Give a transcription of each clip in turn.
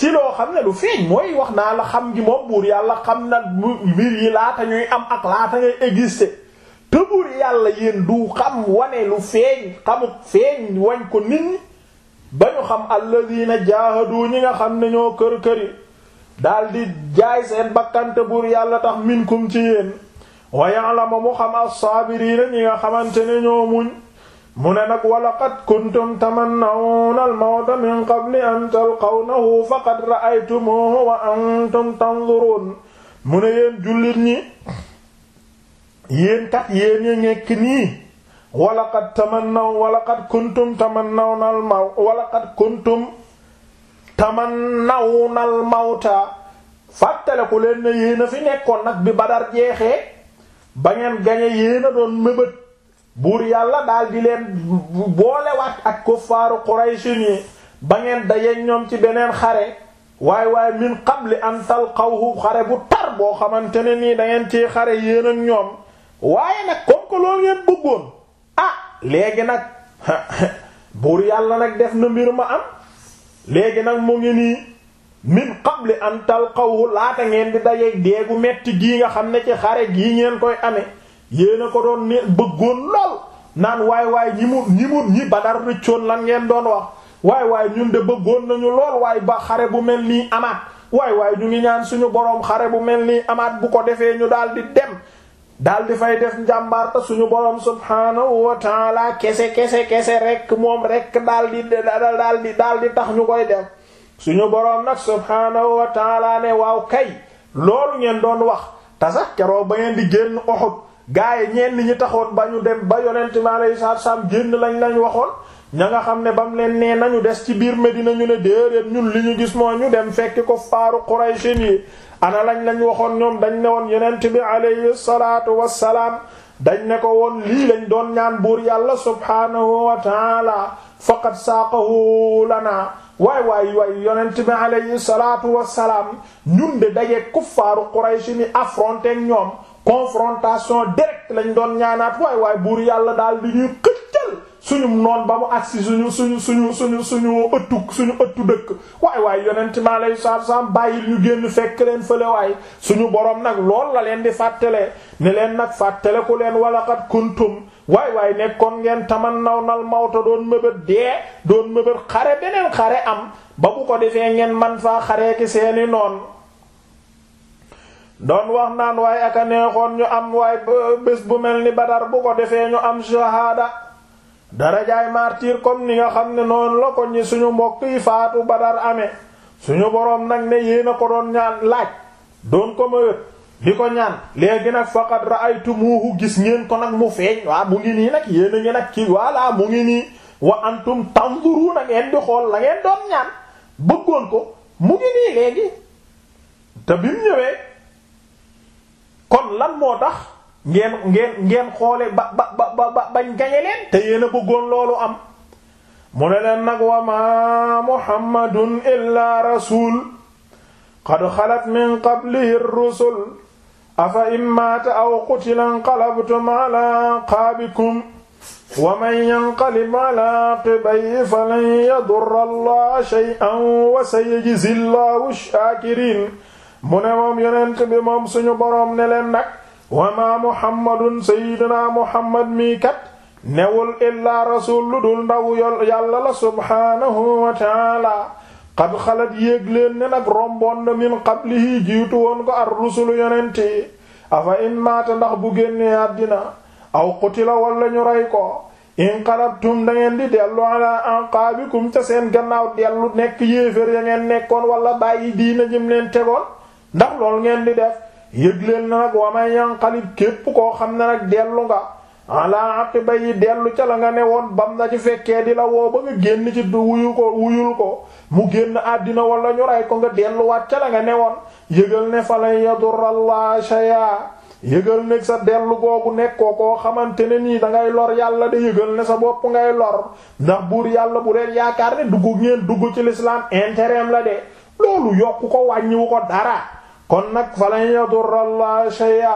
ci loo xam ne lu feeñ mooy wax naa la xam gi moom buur yàlla xam na mbir yi laata ñuy am ak laata ngay exister te buur yàlla yéen du xam wane lu feeñ xamuk feeñ wañ ko nit ñi ba ñu xam alladina jaahadu ñi nga xam ne ñoo kër këri daldi jaay seen bakkante buur yàlla tax minkum ci yéen wa ya'lamu mu xam as-saabiriina ñi nga xamante ne ñoo muñ mu ne nag walaqad kuntum tamannawna al-mawta min qabli an talqawnahu faqad ra'aytumuhu wa antum tanzurun mu ne yéen jullit ñi yéen kat yéen a nekk nii walaqad tamannaw walaqad kuntum tamannawna al leen ne yéen fi nekkoon nag bi Badar jeexee ba ngeen gañe yéen doon mëbët buur yàlla daal di leen boolewaat ak kuffaaru qurayshin yi ba ngeen dajeek ñoom ci beneen xare waaye waaye min am an talqawhu xare bu tar boo xamante ne nii dangeen ngeen xare yéen ak ñoom waaye nag comme que loolu ngeen bëggoon ah léegi nag buur yàlla nag def na mbir ma am léegi nag mu ngi nii min qabli an talqawhu laata ngeen di dajeek bu metti gii nga xam ne ci xare gii ngeen koy amee yéen a ko doon ne bëggoon lool naan waay waay ñi mu ñi mu ñi Badar rëccoon lan ngeen doon wax waay waay ñun de bëggoon nañu lool waay ba xare bu mel nii amaat waay waay ñu ngi ñaan suñu boroom xare bu mel nii amaat bu ko defee ñu daal di dem daal di fay def njàmbaar te suñu boroom subhaanahu wa taala kese kese kese rek moom rekk daal di daal di daal di tax ñu koy def suñu boroom nag subhaanahu wa taala ne waaw kay loolu ngeen doon wax te sax keroog ba ngeen di génn Uhud gaa yi ñenn ñi taxoon ba ñu dem ba yonent mi alayhi salaatu salaam génn lañ lañ waxoon ña nga xam ne bam leen nee nañu des ci biir Medina ñu ne déedéet ñun li ñu gis moo ñu dem fekk ko faaru Quraysh yi ana lañ lañ waxoon ñoom dañ ne woon yonent bi alayhi salaatu wassalaam dañ ne ko woon lii lañ doon ñaan buur yàlla subhaanahu wa taala faqad saaqahu lana waay waay waay yonent bi alayhi salaatu wassalaam ñun de daje kuffaaru Quraysh ni affronté ñoom confrontation directe lañ doon ñaanaat waay waay buur yàlla daal di ñuy xëccal suñu noon ba mu agsi suñu suñu suñu suñu suñu ëttu suñu ëttu dëkk waay waay yonent ma lay saab saab bàyyil ñu fekk leen fële waay suñu borom nag lool la leen di fàttale ne leen nag fàttale ku leen walaxat kuntum waay waay nekkoon ngeen naw nal mawta doon mëbët dee doon mëbët xare beneen xare am ba bu ko defee ngeen man faa xaree ki seeni noon doon wax naan waaye aka neexoon ñu am waay bés bu mel ni badar bu ko defee ñu am shahaada darajaay martyr comme ni nga xam ne noonu la ko ñi suñu mbokk yi faatu badar amee suñu boroom nag ne yéen a ko doon ñaan laaj doon ko mawét di ko ñaan léegi nag faqad ra'aytumuhu gis ngeen ko nag mu feeñ waa mu ngi nii nag yéen a ngi nag ci walla mu ngi nii wa antum tanzuruna ngeen di xool la ngeen doon ñaan bëggoon ko mu ngi nii léegi te bi mu kon lan moo tax ngeen ngeen ngeen xoole ba ba ba ba bañ gañe leen te loolu am mu ne leen nag wa ma muhammadun illa rasul qad xalat min qablihi rusul afa in maata aw qutila inqalabtum ala aqaabikum wa man yanqalib ala aqibayhi falan yadurra allaha shay'an wa sayajzi mu ne moom yonent bi moom suñu boroom ne leen nag wa maa muhammadun sayyidina muhammad mii kat newul illaa rasul lu dul ndaw yàlla la subhaanahu wa taala qad xalat yéeg leen ne nag romboon na min qablihi jiitu woon ko ar rusulu yonent afa in maata ndax bu génnee àddina aw la walla ñu rey ko inqalabtum da ngeen di dellu ala anqaabikum ca seen gannaaw dellu nekk yéefér ya nekkoon wala bàyyi diina jëm leen tegoon ndax loolu ngeen di def yëgleel na nag wa man yanqalib képp koo xam na nag dellu nga ala aqiba yi dellu ca la nga ne woon bam na ci fekkee di la woo ba nga génn ci wuyu ko wuyul ko mu génn àddina wala ñu ray ko nga delluwaat ca la nga ne woon yëgal ne fa lan yadurallah shay'a yëgal ne sa dellu googu nekkoo koo xamante ne nii da ngay lor yàlla de yëgal ne sa bopp ngay lor ndax buur yàlla bu leen yaakaar ne dugg ngeen dugg ci l'islam intérêt la de ko wàññiwu ko dara kon nag falan yadurra allah shay'a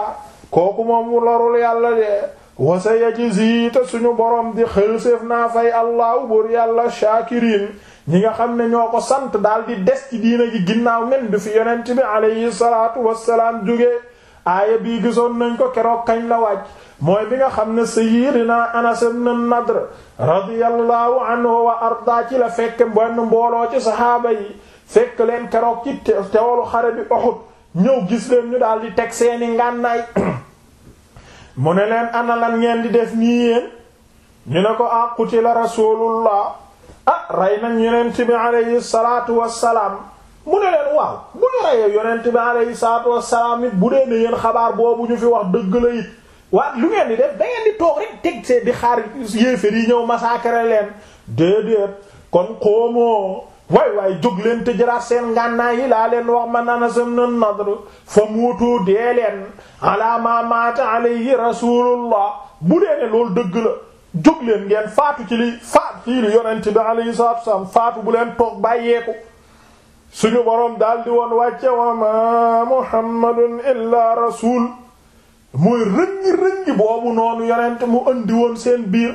kooku moom mu lorul yàlla de wa sayajzi te suñu borom di xëlséef naa fay allahu buur yàlla shaakiriin ñi nga xam ne ñoo ko sant daal di des ci diina gi ginnaaw men du fi yonent bi alayhi salaatu wassalaam jóge aaya bii gisoon nañ ko keroog kañ la wàcc mooy bi nga xam ne sayyidina Anas ibn Nadr radiyallahu anhu wa arda ci la fekk benn mbooloo ci saxaaba yi fekk leen keroog ci teewlu xare bi Uhud ñëw gis leen ñu daal teg seeni ngànnaay mu ne leen ana lan ngeen di def nii yéen ñu ne ko ah qutila rasulullah ah rey nañ yonent bi aleyhi salaatu wassalaam mu ne leen waaw bu ñu reyee yonent bi aleyhi salaatu wassalaam it bu dee ne yéen xabaar boobu ñu fi wax dëgg la it waaw lu ngeen di def da ngeen di toog rek teg see di xaar yéefér yi ñëw massacrer leen déedéet kon xoomoo waay waay jóg leen seen ngànnaay yi laa leen wax man Anas ibn Nadr fa muutu dee leen ma maata alayhi rasulullah bu dee ne loolu dëgg leen ngeen faatu ci li faatu ci li bi alayhi salaatu wassalaam faatu bu leen toog bàyyeeku suñu boroom daal di woon wa ma muhammadun illa rasul mooy rëññi rëññi boobu noonu yonent mu andi woon seen biir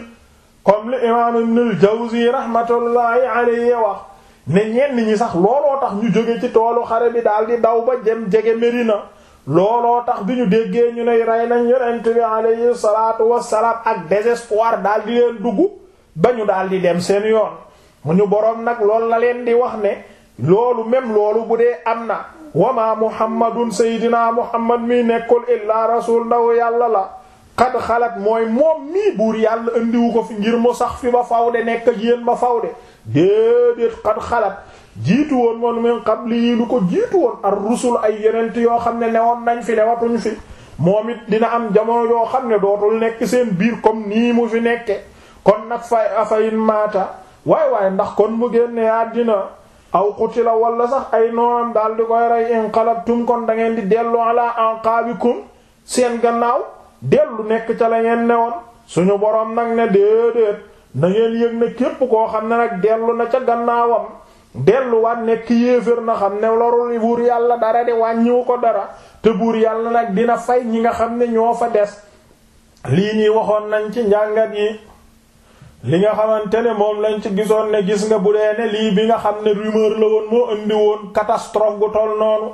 comme li imaam ibn jawzi rahmatullahi alayhi wax ne ñenn ñi sax looloo tax ñu jóge ci toolu xare bi daal di daw ba jëm jege Medina looloo tax bi ñu déggee ñu ne rey nañ yonent bi alayhi salaatu wassalaam ak désespoir daal di leen dugg ba ñu daal di dem seen yoon mu ñu boroom nag loolu la leen di wax ne loolu même loolu bu dee am na wamaa muhammadun seydinaa muhammad mi nekkul illaa rasul ndaw yàlla la xad xalat mooy moom mii buur yàlla indiwu ko fi ngir mo sax fi ba faw nekk ak yéen ba faw de xalat jiitu woon moom min qabli lu ko jiitu woon rusul ay yenent yoo xam ne newoon nañ fi newatuñ fi moom it dina am jamono yoo xam ne dootul nekk seen biir comme nii mu fi nekke kon nag fay afayin maata waay waay ndax kon mu génne àddina aw qutila wala sax ay noonam daal di koy rey inqalabtum kon da di dellu ala anqaabikum seen gannaaw dellu nekk ca la ngeen newoon suñu boroom nag ne déedéet na ngeen yëg ne képp koo xam ne nag dellu na ca gannaawam delluwaat nekk yéefér na xam ne lorul buur yàlla dara de wàññiwu ko dara te buur yàlla nag dina fay ñi nga xam ne ñoo fa des lii ñuy waxoon nañ ci njàngat yi li nga xamante ne moom lañ ci gisoon ne gis nga bu dee ne lii bi nga xam ne rumeur la woon moo indi woon catastrophe gu toll noonu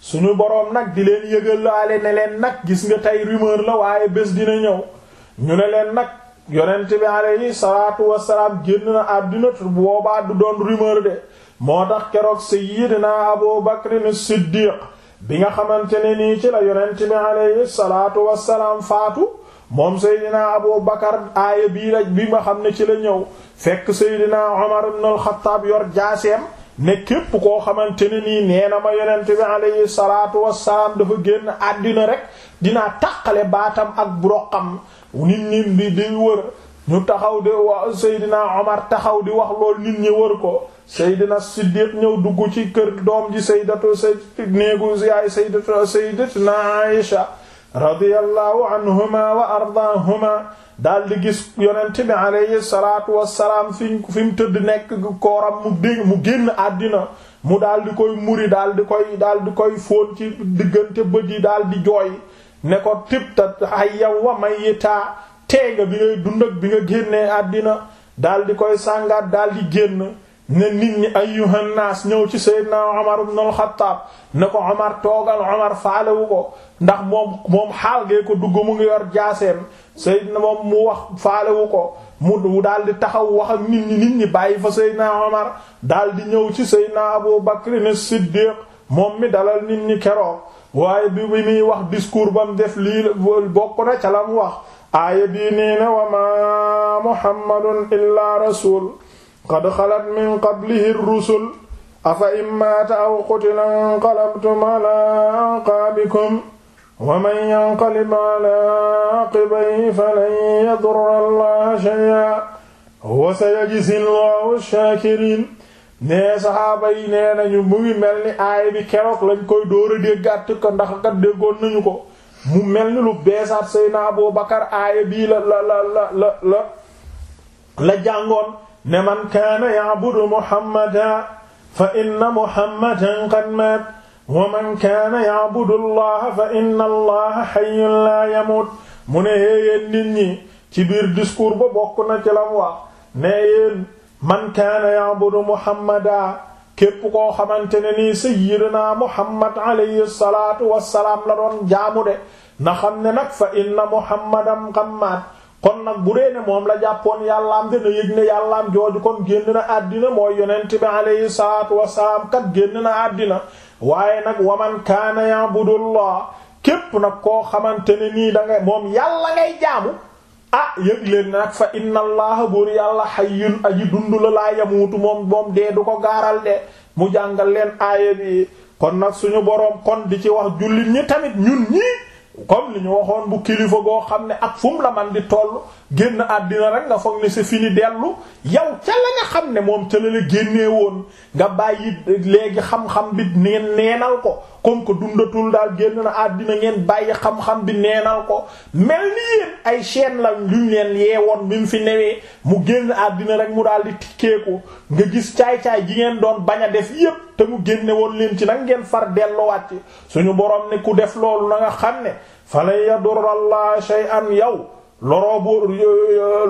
suñu boroom nag di leen yëgal laale ne leen nag gis nga tey rumeur la waaye bés dina ñëw ñu ne leen nag yonent bi alayhi salaatu wasalaam génn na àddina boobaa du doon rumeur de moo tax keroog sayyidina Abu Bakr as-Siddiq bi nga xamante ne nii ci la yonent bi alayhi salaatu wasalaam faatu moom seydina abu bakar aaya bii la bi nga xam ne ci la ñëw fekk seydina omar ibn al yor jaaseem ne képp koo xamante ne nii nee na ma yonent bi alayhi salaatu wassalaam dafa génn àddina rek dinaa taqale baatam ak broqam nit nit di di wër ñu taxaw di wa Seydina Omar taxaw di wax lool nit ñi wër ko Seydina Siddiq ñëw dugg ci kër doom ji Sayyidatu Sayyid néegu yaay Sayyidatu Sayyidatuna Aisha radiyallahu anhuma wa ardaahuma daal gis yonent bi alayhi salaatu wassalaam fiñ fi mu nekk kooram mu dé mu génn àddina mu daal di koy muri daal di koy daal di koy fóon ci diggante bët yi daal di jooy ne ko tibta hayyan wa mayyitaa teega bi ngay dund bi nga génnee àddina daal di koy sàngaat daal di génn ne nit ñi ayyuhan naas ñëw ci Seydina Omar ibn al ne ko Omar toogal Omar faalewu ko ndax moom moom xaal gee ko dugg mu ngi yor jaaseem Seydina moom mu wax faalewu ko mu daal di taxaw wax ak nit ñi nit ñi bàyyi fa Seydina Omar daal di ñëw ci Seydina Abu Bakr ne Siddiq moom mi dalal nit ñi keroog waaye bi bi muy wax discours ba mu def lii bokk na ca la mu wax aaya bii nee wa ma Muhammadun illa rasul qad xalat min qablihi rusul afa in maata aw qutila inqalabtum ala wa man yanqalib ala aqibayhi falan yadurra allaha shay'a wa sayajzi llahu shaakiriin nee saxaaba yi nee nañu mu ngi mel ni aay bi keroog lañ koy dóor a déggaat ko ndax kat déggoon nañu ko mu mel ni lu beesaat Seydina Abu Bakar aaya bii la la la la la la jàngoon ne man kaana ya'budu muhammadan fa inna muhammadan qad maat wa man kaana ya'budu allaha fa inna allaha hayyun laa yamuut mu ne yéen nit ñi ci biir discours ba bokk na ci lam wax ne yéen man kaana ya'budu muhammadan képp koo xamante ne nii sayyidina muhammad alayhi salaatu wassalaam la doon jaamu de na xam ne nag fa inna muhammadan qad kon nag bu dee ne moom la jàppoon yàllaam dina yëg ne yàllaam jooju kon génn na àddina mooy yonent bi alayhi salaatu wasalaam kat génn na àddina waaye nag waman kaana ya'budullah képp nag koo xamante ne nii da moom yàlla ngay jaamu ah yëg leen nag fa inna allaha buur yàlla hayyun aji dund la laa yamuutu moom moom du ko gaaral de mu jàngal leen aaya bi kon nag suñu boroom kon di ci wax jullit ñi tamit ñun ñii comme li ñu waxoon bu kilifa goo xam ne ak fu la man di toll génn àddina rek nga foog ne c'est fini dellu yow ca la nga xam ne moom ca la la génnee woon nga bàyyi léegi xam-xam bi neen neenal ko comme que dundatul daal génn na àddina ngeen bàyyi xam-xam bi neenal ko mel ni yéen ay chaîne la luñ leen woon bi mu fi newee mu génn àddina rek mu daal di tikkeeku nga gis caay-caay ji ngeen doon bañ a def yépp te mu génne woon leen ci nag ngeen far delluwaat ci suñu borom ne ku def loolu na nga xam ne fa lan yadurra Allah shay'an yow loroo bu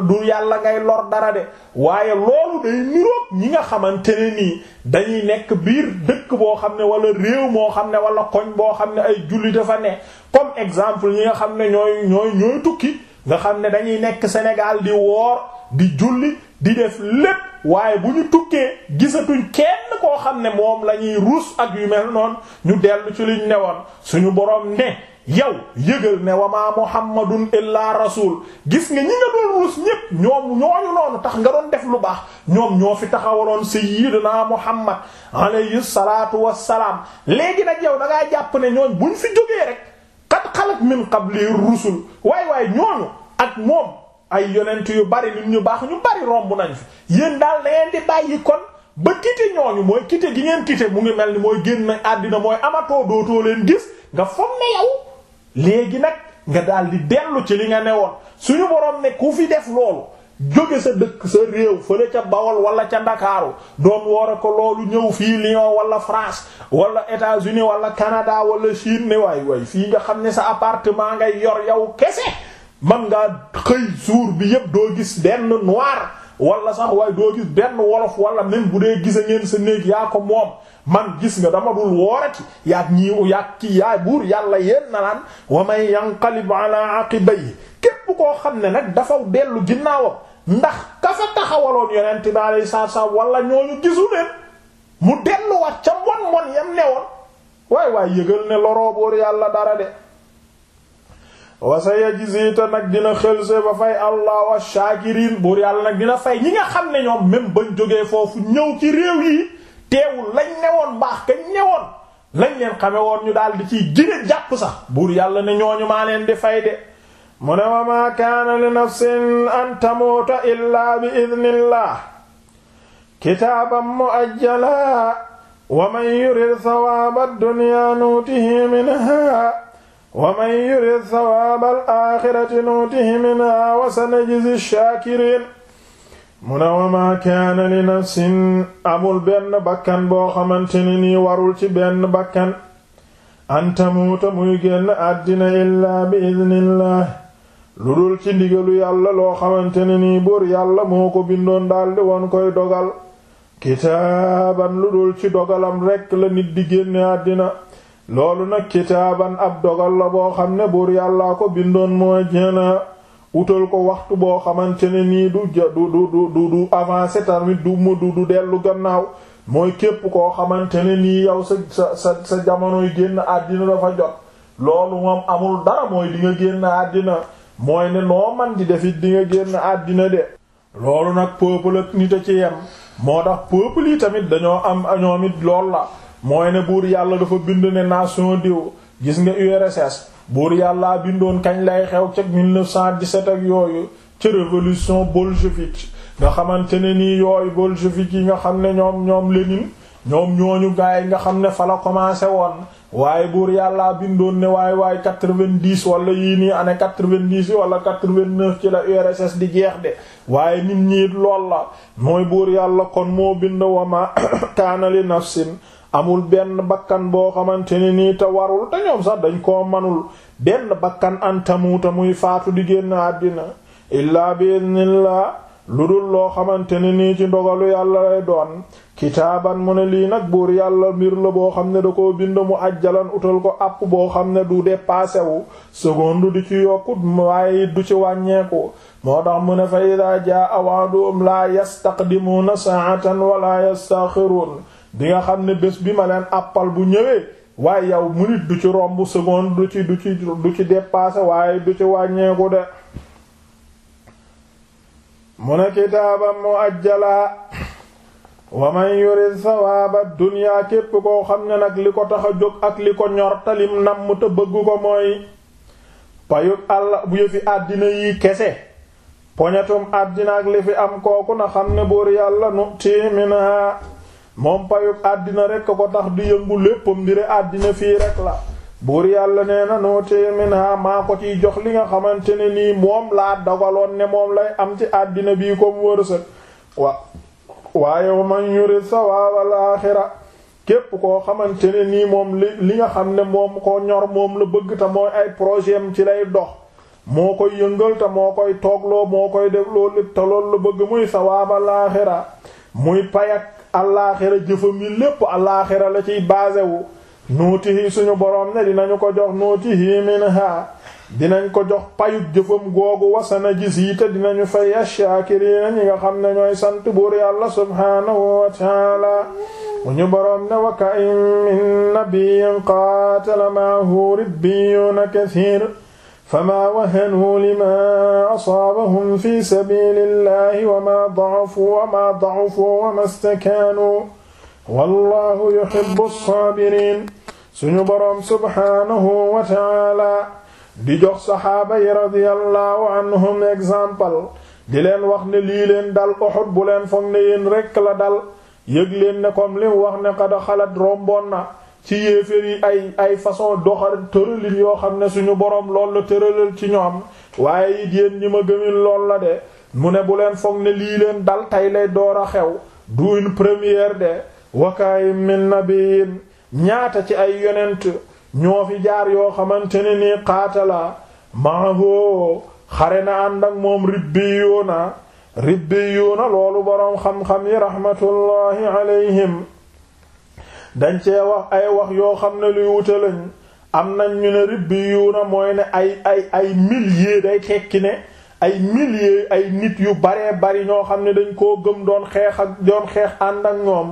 du yàlla ngay lor dara de waaye loolu day niroog ñi nga xamante ne nii dañuy nekk biir dëkk boo xam ne wala réew moo xam ne wala koñ boo xam ne ay julli dafa ne comme exemple ñi nga xam ne ñooy ñooy ñooy tukki nga xam ne dañuy nekk Sénégal di woor di julli di def lépp waaye bu ñu tukkee gisatuñ kenn koo xam ne moom la ñuy ruus ak yu mel noon ñu dellu ci ne woon suñu borom ne yow yëgal ne wa maa muhammadun illaa rasul gis nga ñi nga doon rus ñépp ñoom ñooñu noonu tax nga doon def lu baax ñoom ñoo fi taxawaloon sayyidina muhammad alayhi salaatu wassalaam léegi nag yow da ngaa jàpp ne ñooñ buñ fi jógee rek qad xalat min qabli rusul waay waaye ñooñu ak moom ay yonent yu bari nit ñu baax ñu bari romb nañ fi yéen daal da ngeen di bàyyi kon ba kite ñooñu mooy kite gi ngeen kite mu ngi mel ni mooy génn àddina mooy amatoo dootoo leen gis nga fomm léegi nag nga daal di dellu ci li nga newoon suñu borom ne ku fi def loolu jóge sa dëkk sa réew fële ca Bawol wala ca Ndakaaru doon woore ko loolu ñëw fii Lyon wala France wala États-Unis wala Canada wala Chine ne fii nga xam ne sa appartement ngay yor yow kese man ngaa xëy suur bi yépp doo gis benn noir walla sax waaye doo gis benn wolof wala même bu dee gis ngeen sa néeg yaa ko moom man gis nga dama dul woorati yaag ñiiw yaag ki yaay buur yàlla yéen na naan wa man yanqalib ala aqibayhi képp koo xam ne nag dafa dellu ginnaawam ndax ka fa taxawaloon yonent bi alayhi salaam wala ñooñu gisu leen mu delluwaat ca mon mon yam newoon waay waay yëgal ne loroo buur yàlla dara de wasa ya gisita nag dina xëlse ba fay allah wa buur yàlla nag dina fay ñi nga xam ne ñoom même bañ jógee foofu ñëw ci réew yi teewul lañ newoon baax kañ newoon lañ leen xame woon ñu daal di ciy gine sax buur yàlla ne ñooñu maa di fay mu ne wa maa kaana li nafsin an tamuuta illaa bi idnillah kitaaban muajjala wa man yurid sawaaba ad-dunya nuutihi minha wa man yurid sawaaba al-aaxirati nuutihi minha wa sanajzi ash-shaakiriin mu ne wa maa kaana li nafsin amul benn bakkan boo xamante ni nii warul ci benn bakkan an tamuuta muy génn àddina illaa bi idnillaah lu dul ci ndigalu yàlla loo xamante ni nii buur yàlla moo ko bindoon daldi woon koy dogal kitaaban lu dul ci dogalam rekk la nit di génne àddina loolu nag kitaaban ab dogal la boo xam ne buur yàllaa ko bindoon mooy jéena wutal ko waxtu boo xamante ne nii du du du du du avancé tamit du mu du du dellu gannaaw mooy képp koo xamante ne nii yow sa sa sa sa jamonoy génn àddina dafa jot loolu moom amul dara mooy di nga génn àddina mooy ne noo man di defit di nga génn àddina de loolu nag peuple nit a ci yem moo tax peuple yi tamit dañoo am ñoom it lool la mooy ne buur yàlla dafa bind ne nation diw gis nga URSS buur yàlla bindoon kañ lay xew ca 1917 ak yooyu ci révolution bolchevique nga xamante ne nii yooyu bolchevique yi nga xam ne ñoom ñoom Lénine ñoom ñu gaay yi nga xam ne fa la commencé woon waaye buur yàlla bindoon ne waaye waay 90 wala yii nii année 90 wala 89 ci la URSS di jeex de waaye nit ñi lool la mooy buur yàlla kon moo bind woma kaana li nafsin amul benn bakkan boo xamante ni nii te warul te ñoom sax dañ koo manul benn bakkan antamuuta muy faatu di génn àddina illaa bi idnillah lu dul loo xamante ni nii ci ndogalu yàlla lay doon kitaaban mu ne lii nag buur yàlla mbir la boo xam ne da koo bind mu ajjalan utal ko àpp boo xam ne du dépassé wu seconde du ci yokkut waaye du ci wàññeeku moo tax mu ne fa idaa jaa awaadum laa yastaqdimuuna saatan wala yastaxiruun di xam ne bés bi ma leen àppal bu ñëwee waaye yow minute du ci romb seconde du ci du ci du ci dépassé waaye du ci wàññeeku de mu ne kitaaban mu ajjalaa wa man yurid sawaaba duniyaa képp koo xam ne nag li ko tax a jóg ak li ko ñor talim namm te bëgg ko mooy payut àlla bu yëfi àddina yi kese poñetum àddina ak li fi am kooku na xam ne buur yàlla nu tiiminaa moom payub àddina rekk ko tax di yëngu léppam mbiri àddina fii rek la buur yàlla nee na nuutee minha maa ko ciy jox li nga xamante ne nii moom laa dogaloon ne moom lay am ci àddina bii comme wërsëg wa waaye man yurid sawaabal aaxira képp koo xamante ne nii moom li li nga xam ne moom ko ñor moom la bëgg te ay projet am ci lay dox moo koy yëngal te moo koy toogloo moo koy def loolu lool la bëgg muy sawaabal aaxira muy payak allaaxira jëfam yi lépp allaaxira la ciy basé wu nuutihi suñu boroom ne dinañu ko jox nuutihi minha dinañ ko jox payut jëfam googu wasana gis yi te dinañu fay ashaakiriina ñi nga xam ne ñooy sant buur yàlla subhaanahu wa uñu boroom ne wa ka'in min nabiyyin qaatala ma'ahu ribbiyuuna kasiir famaa wahanuu limaa asaabahum fi sabiilillahi wamaa da'ufuu wamaa da'ufuu wamaa stakaanuu wallaahu yuhibbu saabiriin suñu boroom subhaanahu wa ta'aala di jox saxaaba yi radiyallaahu anhum exemple di leen wax ne lii leen dal Uhud bu leen foog ne yéen rekk la dal yëg leen ne comme li mu wax ne qad xalat romboon na ci yéeféer yi ay ay façon doxal tëralin yoo xam ne suñu boroom lool la tëralal ci ñoom waaye it yéen ñi ma gëmin lool la de mu ne bu leen foog ne lii leen dal tey lay door a xew du une première de wakaayim min nabiyin ñaata ci ay yonent ñoo fi jaar yoo xamante ni nii qaatala maaho xare na ànd ak moom ribbiyuuna ribbiyuuna loolu boroom xam-xam yi rahmatullahi alayhim dañ cee wax ay wax yoo xam ne luy wute lañ am nañ ñu ne na mooy ne ay ay ay milliers day tekki ne ay milliers ay nit yu baree bari ñoo xam ne dañ koo gëm doon xeex ak doon xeex ànd ak ñoom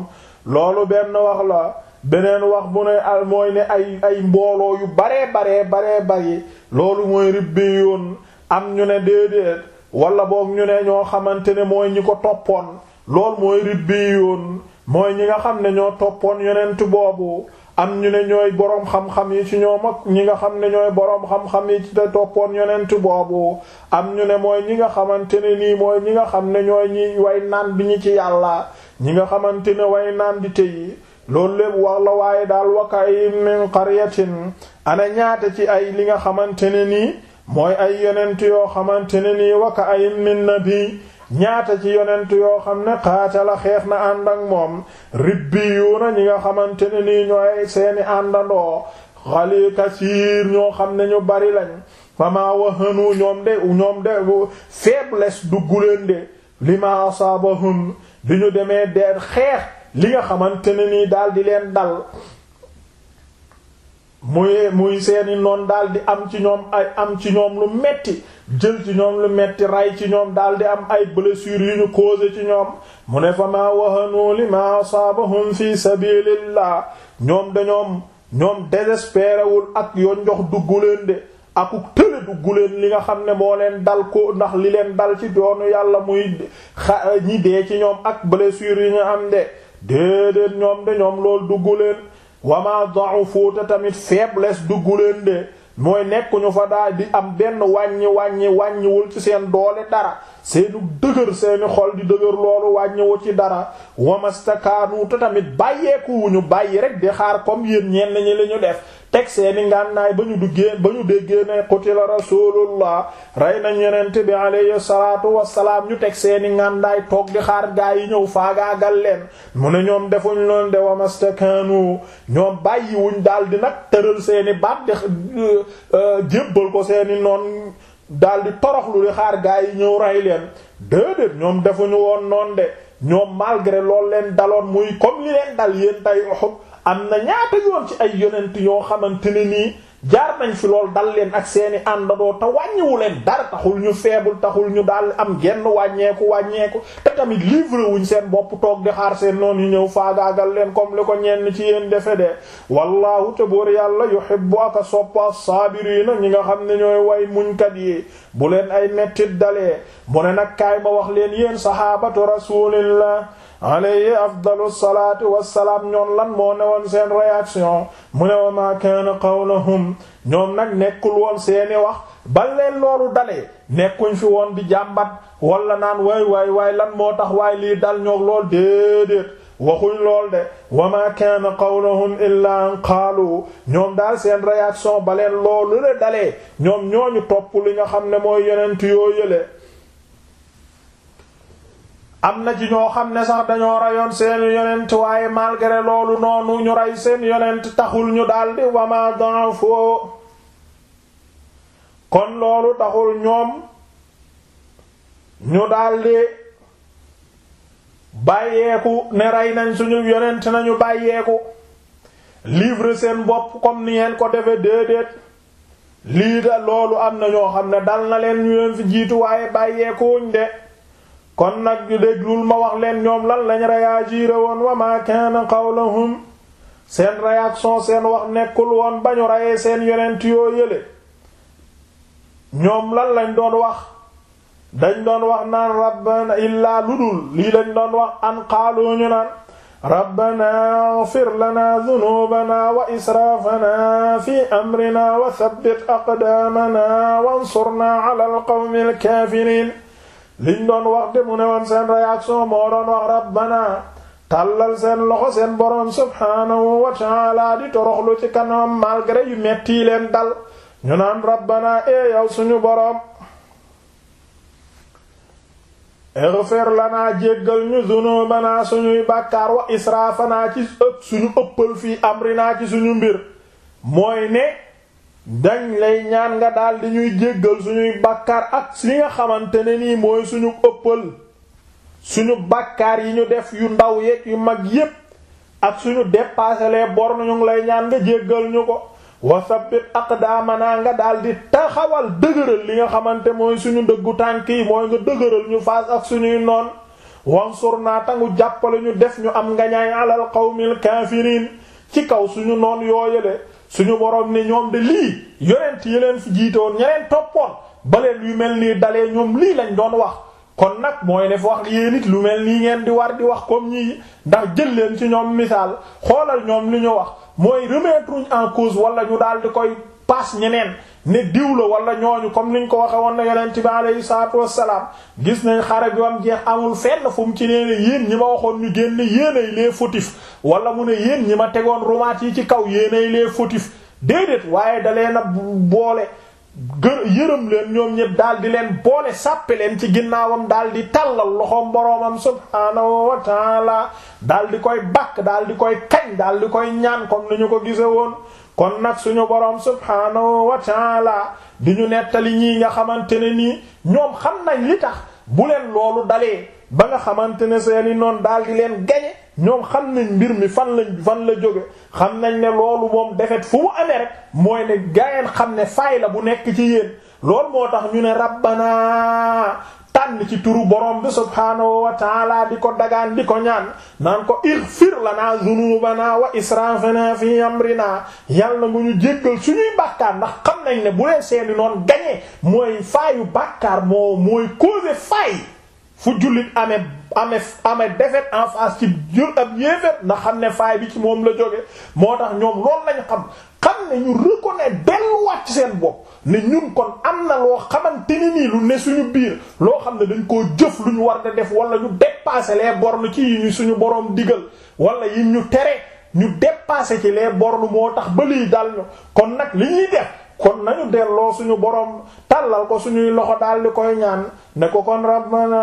loolu benn wax la beneen wax bu ne al mooy ne ay ay mbooloo yu baree bare baree bari loolu mooy ribbiyuun am ñu ne déedéet wala boog ñu ne ñoo xamante ne mooy ñi ko toppoon loolu mooy ribbiyuun mooy ñi nga xam ne ñoo toppoon yonent boobu am ñu ne ñooy boroom xam-xam yi ci ñoom ak ñi nga xam ne ñooy boroom xam-xam yi ci te toppoon yonent boobu am ñu ne mooy ñi nga xamante ne nii mooy ñi nga xam ne ñooy ñi way naan bi ñu ci yàlla ñi nga xamante ne way naan bi teyi loolu lépp wax la waaye daal wakay min qaryatin ana ñaata ci ay li nga xamante ne nii mooy ay yonent yoo xamante ne nii waka ay min nabi ñaata ci yonent yoo xam ne xaatala xeex na ànd ak moom ribbiyuuna ñi nga xamante ne nii ñooy seeni àndandoo xali kasiir ñoo xam ne ñu bari lañ fama wahanu ñoom de ñoom de faiblesse duggu leen de lima asaabahum bi ñu demee deet xeex li nga xamante ne nii daal di leen dal muy muy seeni noon daal am ci ñoom ay am ci ñoom lu metti jël ci ñoom lu metti ray ci ñoom daal di am ay blessures yu ñu causé ci ñoom mu ne fa maa wahanu li ma asaabahum fi sabilillah ñoom dañoom ñoom désespéré wul ak yoon njox duggu leen de akuk tële dugg leen li nga xam ne moo leen dal ko ndax li leen dal ci doonu yàlla muy xa ñi dee ci ñoom ak blessures yi ñu am de déedéet ñoom de ñoom lool dugg leen wama da'ufu tamit faiblesse dugg leen de mooy nekkuñu fa daal di am benn wàññi wàññi wàññiwul ci seen doole dara seenu dëgër seeni xol di dëgër loolu wàññiwu ci dara wamastakaanu te tamit bàyyeekuwuñu bàyyi rek di xaar comme yéen ñenn ñi li ñu def teg seeni ngànnaay ba ñu duggee ba ñu déggee ne qutila rasulullah rey na yonent bi alayhi salaatu wassalaam ñu teg seeni ngànnaay toog di xaar gaa yi ñëw faagaagal leen mu ne ñoom defuñ loon de wamastakanu ñoom bàyyi wuñ daal di nag tëral seeni baat di euh, euh, jébbal ko seeni noon daal toroxlu di xaar gaa yi ñëw rey leen déedéet ñoom defuñu woon noon de ñoom malgré lool leen daloon muy comme li leen dal yéen tay Uhud am na ñaata yoon ci ay yonent yoo xamante ne nii jaar nañ fi lool dal leen ak seeni àndadoo te wàññiwu leen dara taxul ñu feebul taxul ñu daal am genn wàññeeku wàññeeku te tamit livre wuñ seen bopp toog di xaar seen noon yu ñëw faagaagal leen comme li ko ñenn ci yéen defe de wallahu te boor yàlla yuhibbu aka soppa saabiriina ñi nga xam ne ñooy way kat yi bu leen ay mettit dalee mu ne nag kaay ma wax leen yéen sahabatu rasulillah alayhi afdalu salaatu wassalaam ñoon lan moo ne woon seen réaction mu ne wa maa kaana qawluhum ñoom nag nekkul woon seeni wax ba leen loolu dalee nekkuñ fi woon di jàmbat wala naan waay waay waay lan moo tax waay lii dal ñoog lool déedéet waxuñ lool de wa maa kaana qawluhum illaa an qaalu ñoom daal seen réaction ba leen loolu la dalee ñoom ñooñu topp li nga xam ne mooy yenent yoo yële am na ci ñoo xam ne sax dañoo rayoon seen yonent waaye malgré loolu noonu ñu rey seen yonent taxul ñu daldi wama da'fu kon loolu taxul ñoom ñu daldi bàyyeeku ne rey nañ suñu yonent nañu bàyyeeku livre seen bopp comme ni ngeen ko defe déedéet lii da loolu am na ñoo xam ne dal na leen ñu leen fi jiitu waaye bàyyeekuñ de kon nag ñu déglul ma wax leen ñoom lan lañ réagir woon wa ma kaana qawluhum sen réaction seen wax nekkul woon ba ñu reyee seen yonent yoo yële ñoom lan lañ doon wax dañ doon wax naan rabbana illaa ludul lii lañ doon wax an qaalu ñu naan rabbana ighfir lana dhunubana wa israafana fi amrina wa thabbit aqdaamana wansurna ala alqawmi alkaafiriin liñ doon wax mu ne woon seen réaction moo doon wax rabbana tàllal seen loxo seen boroom subhaanahu wa di toroxlu ci kanam malgré yu metti leen dal ñu naan rabbana e yow suñu boroom ighfir lana jéggal ñu zunubana suñuy bàkkaar wa israafana ci ëpp suñu ëppal fii amrina ci suñu mbir mooy ne dañ lay ñaan nga daal di ñuy jéggal suñuy bàkkaar ak si nga xamante ne nii mooy suñu ëppal suñu bàkkaar yi ñu def yu ndaw yeeg yu mag yépp ak suñu dépasser les bornes lay ñaan nga jéggal ñu ko wa sabbit aqdaamana nga daal di taxawal dëgëral li nga xamante mooy suñu ndëggu tànk yi mooy nga dëgëral ñu faas ak suñuy noon wansurnaa tangu jàppale ñu def ñu am ngañaay alal qawmil kaafiriin ci kaw suñu noon yooyale suñu boroom ne ñoom de lii yonent yi leen fi jiite woon ña leen toppoon ba yu mel nii dalee ñoom lii lañ doon wax kon nag mooy ne fa wax yéen it lu mel nii ngeen di war di wax koom ñii ndax jël leen ci ñoom misaal xoolal ñoom li ñu wax mooy remettre en cause wala ñu daal di koy paas ñeneen. ni diw la wala ñooñu comme niñ ko waxe woon na yonent bi aleyhi salaatu wassalaam gis nañ xare bi am jeex amul fenn fu ci nee ne ñi ma waxoon ñu génn yéenay les fautifs wala mu ne yéen ñi ma tegoon rumaat yi ci kaw yéenay les fautifs déedéet waaye dalee na boole gër yërëm leen ñoom ñëpp daal di leen boole sàppe leen ci ginnaawam daal di tàllal loxoom boroomam subhaanahu wa taala daal di koy bakk daal di koy kañ daal di koy ñaan comme ni ñu ko gise woon kon nag suñu borom subhaanahu wa taala di ñu nettali ñii nga xamante ne nii ñoom xam nañ li tax bu leen loolu dalee ba nga xamante ne seeni noonu daal di leen gañe ñoom xam nañ mbir mi fan lañ fan la jóge xam nañ ne loolu moom defet fu mu amee rek mooy ne gaayeen xam ne faay la bu nekk ci yéen loolu moo tax ñu ne rabbana tànn ci turu borom bi subhaanahu wa di ko dagaan di ko ñaan naan ko ighfir lana zunubana wa israfana fi amrina yàlla nga ñu jéggal suñuy bàkkaar ndax xam nañ ne bu leen seeni noon gañee mooy faayu bàkkaar moo mooy cause faay fu jullit amee amee amee défaite en face ci ab yéeféet ndax xam ne faay bi ci moom la jóge moo tax ñoom loolu lañ xam xam ne ñu reconnaître delluwaat ci seen bopp ne ñun kon am na loo xamante ni nii lu ne suñu biir loo xam ne dañ koo jëf lu ñu war da def wala ñu dépasser les bornes ci yi ñu suñu boroom digal wala yi ñu tere ñu dépasser ci les bornes moo tax ba lii dal ñu kon nag li ñuy def kon nañu delloo suñu boroom tàllal ko suñuy loxo daal di koy ñaan ne ko kon rabbana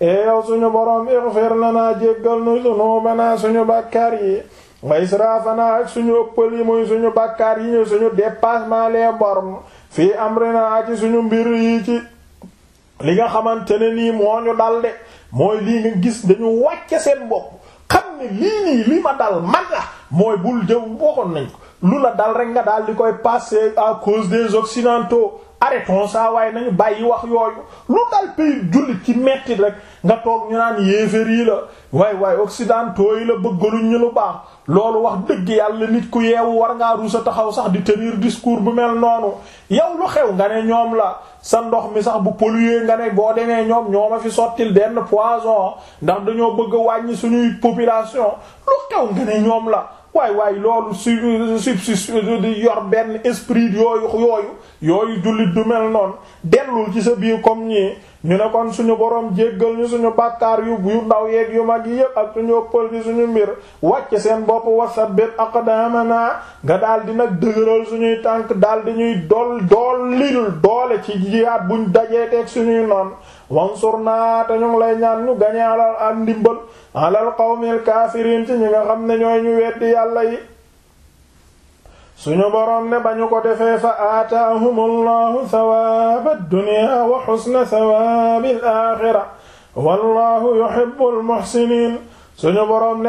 e yow suñu boroom ighfir lana jéggal nu dunubana suñu bàkkaar yi wa israafana ak suñu ëppal yi muy suñu bàkkaar yi ñu suñu dépassement les bornes fii amrina ci suñu mbir yi ci li nga xamante ne nii moo ñu dal de mooy lii nga gis dañu wàcce seen bopp xam ne lii nii li ma dal man mooy bul jëw waxoon nañ ko lu la dal rek nga daal di koy passer à cause des occidentaux arrêtons ça waaye nañu bàyyi wax yooyu lu dal pays jullit ci metti rek nga toog ñu naan yéeféer yi la waay waaye occidentaux yi la bëggaluñ ñu lu baax loolu wax dëgg yàlla nit ku yeewu war ngaa rusa taxaw sax di tenir discours bu mel noonu yow lu xew nga ne ñoom la sa ndox mi sax bu pollué nga ne boo demee ñoom ñooma fi sottil benn poison ndax dañoo bëgg a wàññi suñuy population lu xew nga ne ñoom la waay waay loolu su subsiste di yor benn esprit yooyu yooyu yooyu jullit du mel noonu dellul ci sa biir comme ñii ñu ne kon suñu borom jéggal ñu suñu bàkkaar yu yu ndaw yeeg yu mag yi yëpp ak suñu ëppal ci suñu mbir wàcc seen bopp wasat bét naa nga daal di nag dëgëral suñuy tànk daal di ñuy dol dool lilul doole ci jiyaat buñ dajeeteeg suñuy noon wansurnaa te ñu lay ñaan ñu gañe alal ak ndimbal alal qawmil kaafiriin ci ñi nga xam ne ñooy ñu weddi yàlla yi suñu boroom ne ba ñu ko defee fa aataahum allahu thawaaba dunya wa xusna thawaabil aaxira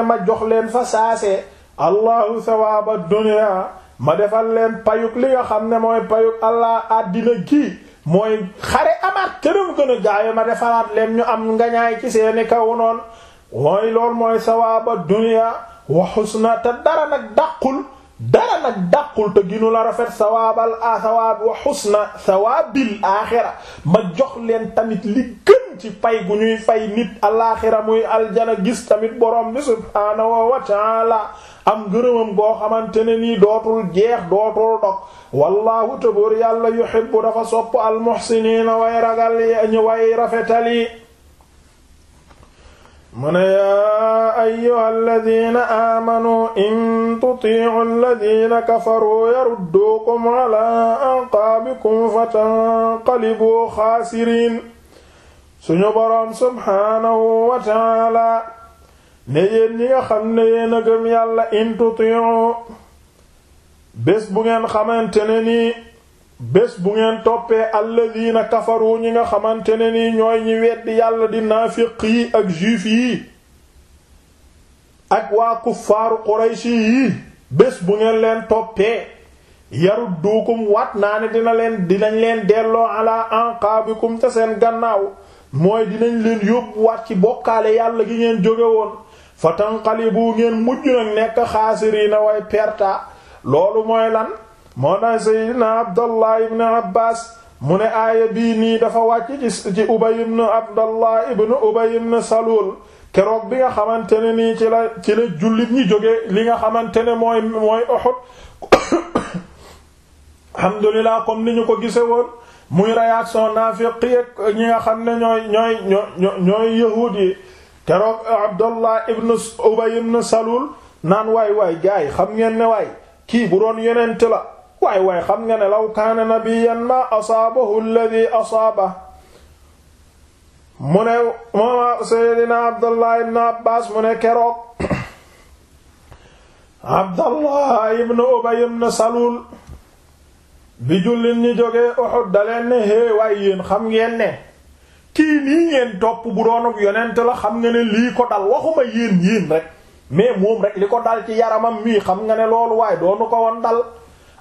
ma jox leen fa allahu thawaaba ma defal leen payug li nga xam ne mooy payug allah àddina gi mooy xare amaat këram gën a gaawe ma defaraat leen ñu am ngañaay ci seeni kaw noonu mooy loolu mooy sawaaba dunya wa xusna te dara nag dàqul dara nag dàqul te ginu la rafet sawaabal a sawaab wa xusna sawaabil aaxira ma jox leen tamit li gën ci fay gu ñuy fay nit alaaxira muy aljana gis tamit borom bi subhaanahu wa taala am ngërëmam goo xamante ne nii dootul jeex dootul dog wallaahu tëbóor yàlla yuhibbu dafa sopp almuhsiniina way ragal ñu way rafetal yi mu ne yaa ayyuha alladina aamanu in tutiicu alladina kafaruu yarudduukum ala anqaabikum fatanqalibuu xaasiriin suñu boroom subhaanahu wa taala ne yéen ñi nga xam ne yéen a gëm yàlla intution bés bu ngeen xamante ne nii bés bu ngeen toppee na kafaru ñi nga xamante ne nii ñooy ñi weddi yàlla di naafiq yi ak juif yi ak waa kuffaaru qurayshi yi bés bu ngeen leen toppee yarut duukum wat naa ne dina leen dinañ leen delloo bi anqaabikum ca seen gannaaw mooy dinañ leen yóbbu waat ci bokkaale yàlla gi ngeen jóge woon fa bu ngeen mujj nag nekk xaasiriina way perta loolu mooy lan moo tax seydina abdallah ibn abbas mu ne aaya bii nii dafa wàcc ci ci ubay ibn abdallah salul keroog bi nga xamante ne nii ci la ci la jullit ñi jógee li nga xamante ne mooy mooy Uhud alhamdulillah comme ni ñu ko gise woon muy réaction naafiq yi ñi nga xam ne ñooy ñooy ñooy ñooy yi keroog Abdallah ibn Ubay ibn naan waay way gaa yi ngeen ne waay kii bu doon yonent la waay waay xam nga ne law kaana nabiyyan ma asaabahu alladhi asaaba mu ne moom Seydina Abdallah ibn Abbas mu ne keroog Abdallah ibn Ubay ibn bi jullit ñi jógee Uhud daleen ne hee waay yéen xam ngeen ne kii nii ngeen topp bu doonub yonent la xam nga ne lii ko dal waxuma yéen yéen rek mais moom rek li ko dal ci yaramam mii xam nga ne loolu waaye doonu ko won dal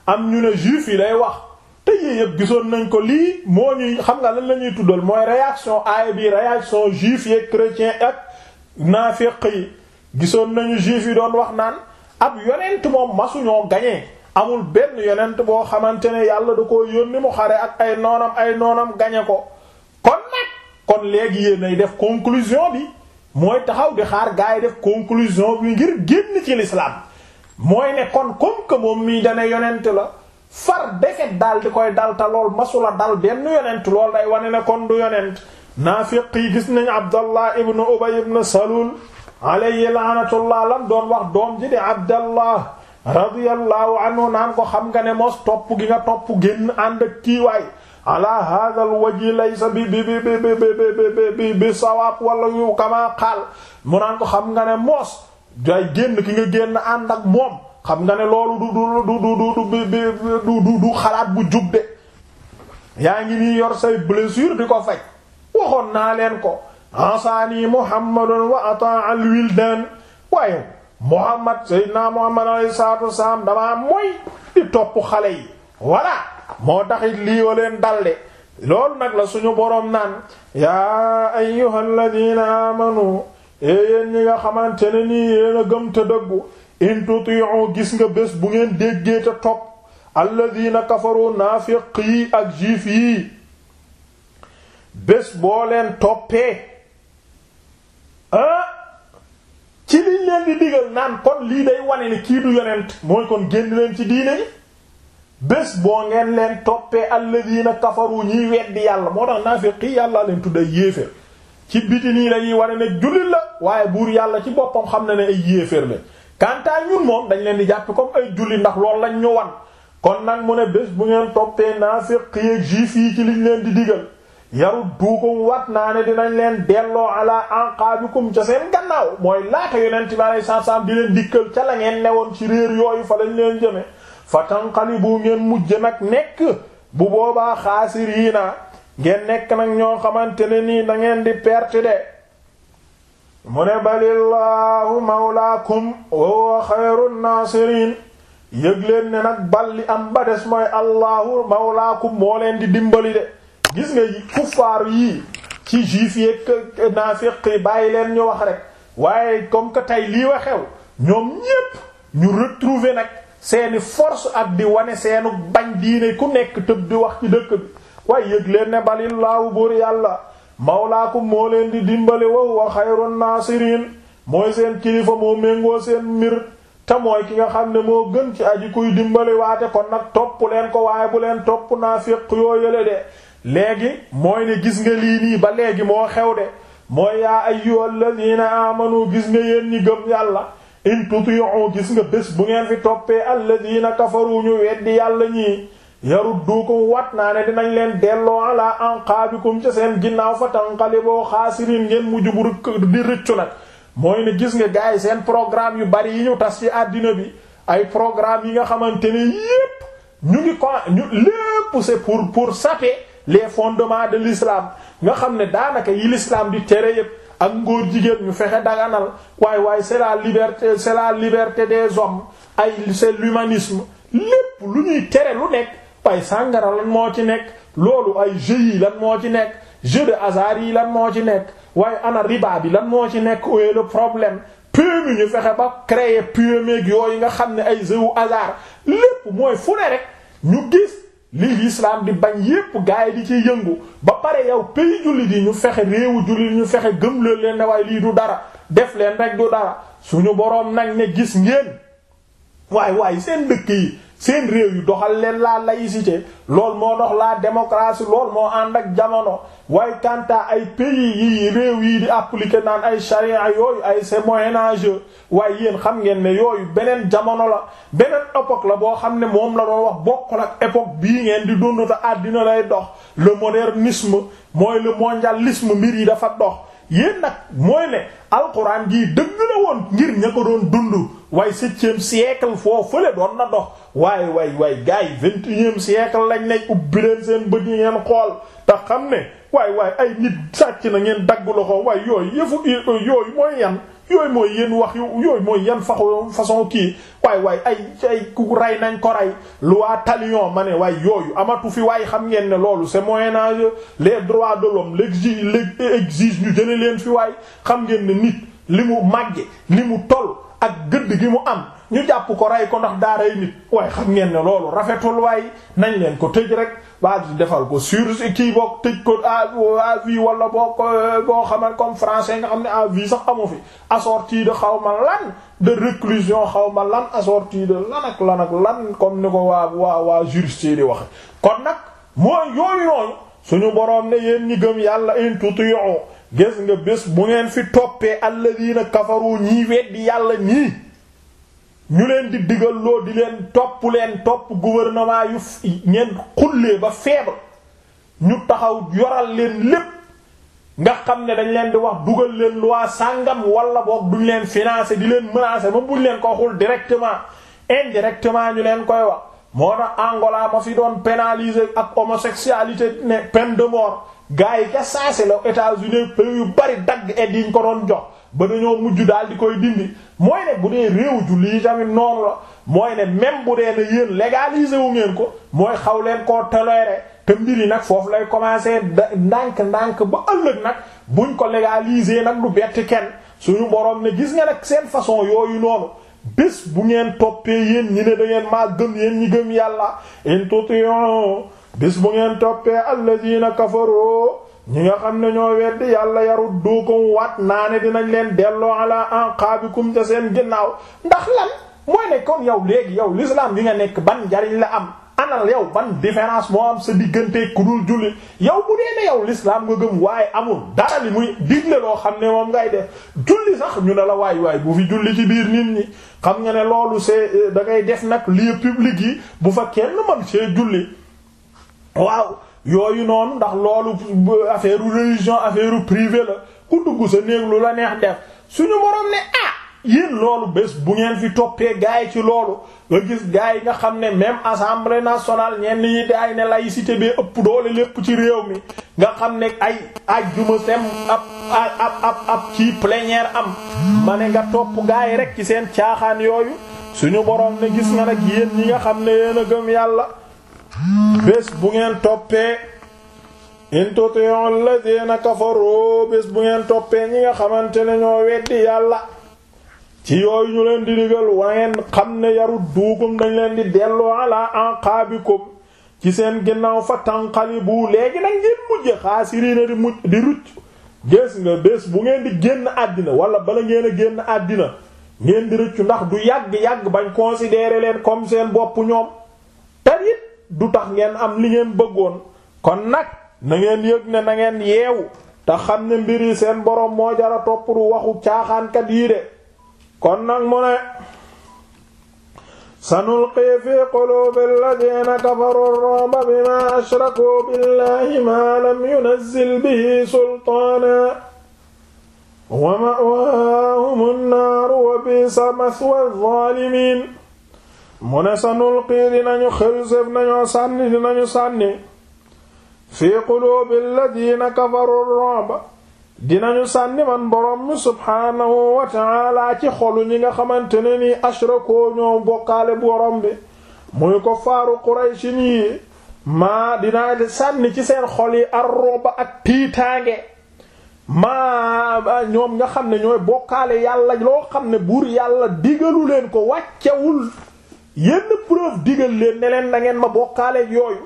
am ñu ne juif yi lay wax te yii yëpp gisoon nañ ko lii moo ñuy xam nga lan la ñuy tuddal mooy réaction aaya bi réaction juif yeeg chrétien naa naaféq yi gisoon nañu juif yi doon wax naan ab yonent moom masuñoo gañee amul benn yonent boo xamante ne yàlla da ko yónni mu xare ak ay noonam ay noonam gañe ko kon léegi yéenay def conclusion bi mooy taxaw di xaar gars yi def conclusion bi ngir génn ci l'islam mooy ne kon comme que moom mii dana yonent la far defet dal di koy dal lool masula dal benn yonent lool day wane ne kon du yonent naafiq yi gis nañ abdallah ibnu ubay ibnu salul alayhi laanatullah lam doon wax doom ji di abdallah radiyallahu anhu naan ko xam nga ne mos topp gi nga topp génn ànd ak kiiwaay ala hadha al wajhi laysa bi bi bi bi bi sawaab wala yu kama xaal mu ko xam nga ne moos day génn ki nga génn ànd ak moom xam nga ne loolu du du du du du du xalaat bu jub yaa ngi nii yor say blessure di ko faj waxoon naa leen ko ansaani muhammadun wa ataa al wildan waaye muhammad sayyidina muhammad alayhi salaatu wasalaam damaa moy di topp xale yi voilà moo taxit lii yoo leen dalde loolu nag la suñu boroom naan yaa ayyuhal ladina amanu eh, yéen ñi nga xamante ne nii yéen a gëm te dëggu in gis nga bés bu ngeen déggee te topp alladina kafaru naafiq yi ak juif yi bés boo leen toppee ah ci liñ leen di digal naan kon lii day wane ni kii du yonent mooy kon génn leen ci diine yi bés boo ngeen leen toppee alladina kafaru ñiy weddi yàlla moo tax naafiqi yàlla leen tudd ay yéeféer ci biti nii lañuy war a ne jullit la waaye buur yàlla ci boppam xam na ne ay yéeféer la kantaa ñun moom dañ leen di jàpp ko ay jullit ndax loolu lañ ñu wan kon nag mu ne bés bu ngeen toppee naafiqi ak juif yi ci liñ leen di digal yarut duukum wat naa ne dinañ leen delloo ala anqaabikum ca seen gannaaw mooy laata yonent bi alei satu salaam di leen dikkal ca la ngeen newoon ci réer yooyu fa lañ leen jëme fa tanqalibu ngeen mujj nag nekk bu boobaa xaasiriina ngeen nekk nag ñoo xamante ne nii da di perte de mu ne balillahu mawlaakum wa huwa naasiriin yëg ne nag bal li am ba des mooy allahu mawlaakum moo leen di dimbali de gis nga kuffaar yii ci juif yeek naafiq yi bàyyi leen ñu wax rek waaye comme que tey lii waxew ñoom ñépp ñu retrouver nag seeni force ak bi wane seenu bañ diine ku nekk tëb di wax ci dëkk bi waaye yëg leen ne balillaahu buur yàlla mawlaakum moo leen di dimbali wa huwa xayrun naasiriin mooy seen kilifa moo méngoo seen mbir te mooy ki nga xam ne moo gën ci aji kuy dimbali waate kon nag topp leen ko waaye bu leen topp naa féq yoo yële de léegi mooy ne gis nga lii nii ba léegi moo xew de mooy yaa ayyuhal ladina amanu gis nga yéen ñi gëm yàlla in tuti'u gis nga bés bu ngeen fi toppee alladina kafaru ñu weddi yàlla ñii ko wat naa ne dinañ leen delloo bi anqaabikum ca seen ginnaaw fa tanqaliboo xaasiriin ngeen mujj bu di rëccu nag mooy ne gis nga gars seen programme yu bari yi ñu tas ci àddina bi ay programme yi nga xamante ni yépp ñu ngi ko ñu lépp c'est pour pour saper les fondement de l'islam nga xam ne daanaka yi l'islam di tere yépp ak ngóor jigéen ñu fexe daganal waay waaye c'est la liberté c'est la liberté des hommes ay c'est l'humanisme lépp lu ñuy tere lu nekk waaye sàngara lan moo ci nekk loolu ay jeux yi lan moo ci nekk jeu de hasard yi lan moo ci nekk waaye ana riba bi lan moo ci nekk où est le problème PMU ñu fexe ba créer PMU yooyu nga xam ne ay jeux wu lépp mooy fu ne ñu gis. li lislaam di bañ yépp gaay di ci yëngu ba pare yow pays jullit yi ñu fexe réewu jullit ñu fexe gëm leen ne waaye lii du dara def leen rek du dara suñu boroom nag ne gis ngeen waay waay seen dëkk yi seen réew yu doxal leen la laïcité loolu moo dox la démocratie loolu moo ànd ak jamono waaye kanta ay pays yi réew yi di appliquer naan ay charia yooyu ay c'est moyen âge waaye yéen xam ngeen ne yooyu beneen jamono la beneen époque la boo xam ne moom la doon wax bokkul ak époque bii ngeen di dund te àddina lay dox le modernisme mooy le mondialisme mbir yi dafa dox yéen nag mooy ne alxuraan gi dëgg la woon ngir ña ko doon dund waaye septième siècle foofu fële doon na dox waaye waay waay gars yi vingt et unième lañ ne ubbi leen seen bët yi ngeen xool te xam ne waay waay ay nit sàcc na ngeen ko loxo waay yooyu yëfu yooyu mooy yan. yooyu mooy yéen wax yu yooyu mooy yan façon façon kii waay waay ay ay ku rey nañ ko rey loi talion ma ne waay yooyu amatu fi waay xam ngeen ne loolu c'est moyen âge les droits de l'homme l'exige l'exige ñu jële leen fi waay xam ngeen ne nit li mu màgge li mu toll ak gëdd gi mu am ñu jàpp ko rey ko ndax daa rey nit waaye xam ngeen ne loolu rafetul waay nañ leen ko tëj rek waa di defal ko sur kii boog tëj ko à vie wala boo euh, boo xamal comme français nga xam ne à vie sax xamu fi assorti de xaw ma lan de réclusion xaw ma lan assorti de lan ak lan ak lan comme ni ko waa waa waa juriste di waxe kon nag mooy yooyu noonu suñu boroom ne yéen ñi gëm yàlla in tuti'u gis nga bés bu ngeen fi toppee lii alladina kafaru ñii weddi yàlla ñii ñu leen di digal loo di leen topp leen topp gouvernement yu ngeen xullee ba feebar ñu taxaw yoral leen lépp nga xam ne dañ leen di wax dugal leen loi sàngam walla boog duñ leen financer di leen menacer ba buñ leen ko xul directement indirectement ñu leen koy wax moo tax Angola ma fi doon pénaliser ak homosexualité ne peine de mort gars yi ca saase la États-Unis pays yu bari dagg et yiñ ko doon jox ba dañoo mujj daal di koy dindi mooy ne bu dee réew ju lii tamit noonu la mooy ne même bu dee ne yéen légaliser wu ngeen ko mooy xaw leen koo toléré te mbir yi nag foofu lay commencer ndànk ndànk ba ëllëg nag buñ ko légaliser nag lu bett kenn suñu borom ne gis ngeen nag seen façon yooyu noonu. bés bu ngeen toppee yéen ñi ne da ngeen maa gëm yéen ñi gëm yàlla in bis bu ngeen toppee alladina kafaroo ñi nga xam ne ñoo weddi yàlla yaruddukum wat naa ne dinañ leen delloo bi anqaabikum ca seen ginnaaw ndax lan mooy ne kon yow léegi yow l'islam nga nekk ban njariñ la am anal yow ban différence moo am sa diggante ku dul jullit yow bu dee ne yow l'islam nga gëm waaye amul dara li muy digle loo xam ne moom ngay def julli sax ñu ne la waay waay bu fi julli ci biir nit ñi xam nga ne loolu c'est euh, da ngay def nag lieu public bu fa kenn mën see waaw yooyu noonu ndax loolu affaire religion affaire privée la ku dugg sa néeg la neex def suñu moroom ne ah yéen loolu bés bu ngeen fi toppee gars yi ci loolu nga gis gars yi nga xam ne même assemblée nationale ñenn ñi daay ne laïcité bi ëpp doole lépp ci réew mi nga xam ne ay ajjuma sem ab ab ab ab ci plénière am ma ne nga topp gars yi rek ci seen caaxaan yooyu suñu boroom ne gis nga nag yéen ñi nga xam ne yéen a yàlla bés bu ngeen toppee in tuti'u alladhina kafaru bés bu ngeen toppee ñi nga xamante nañoo ñoo weddi yàlla ci yooyu ñu leen di digal wangeen xam ne yaru duukum dañ leen di dellu ala anqaabikum ci seen ginnaaw fa tanqalibu léegi nag ngeen mujje xaasiriina di mujj di rucc gis nga bés bu ngeen di génn àddina wala bala ngeen a génn àddina ngeen di rëccu ndax du yàgg-yàgg bañ considérer leen comme seen boppu ñoom du tax ngeen am li ngeen bëggoon kon nag na ngeen yëg ne na ngeen yeewu te xam ne mbir yi seen boroom moo jara topp du waxu caaxaankat kon nag mu ne sanulqi fi qulubi alladina kafaru ar bima ashraku billahi ma lam yunazzil bihi sultaana wa ma'waahum naar wa bi'sa maswa adh-dhaalimiin mu ne sa nulqii dinañu xëlséf nañoo sànni dinañu sànni fi quluubi lladiina kafaru roba dinañu sànni man borom mi subhaanahu wa ci xolu ñi nga xamante ne nii ashrakoo ñoo bokkaale borom bi muy ko faaru quraysin yi maa dinaa sànni ci seen xol yi arroba ak tiitaange maa ñoom nga xam ne ñooy bokkaale yàlla loo xam ne buur yàlla digalu leen ko wàccewul yenn preuve digal leen ne leen ngeen ma bokkaaleeg yooyu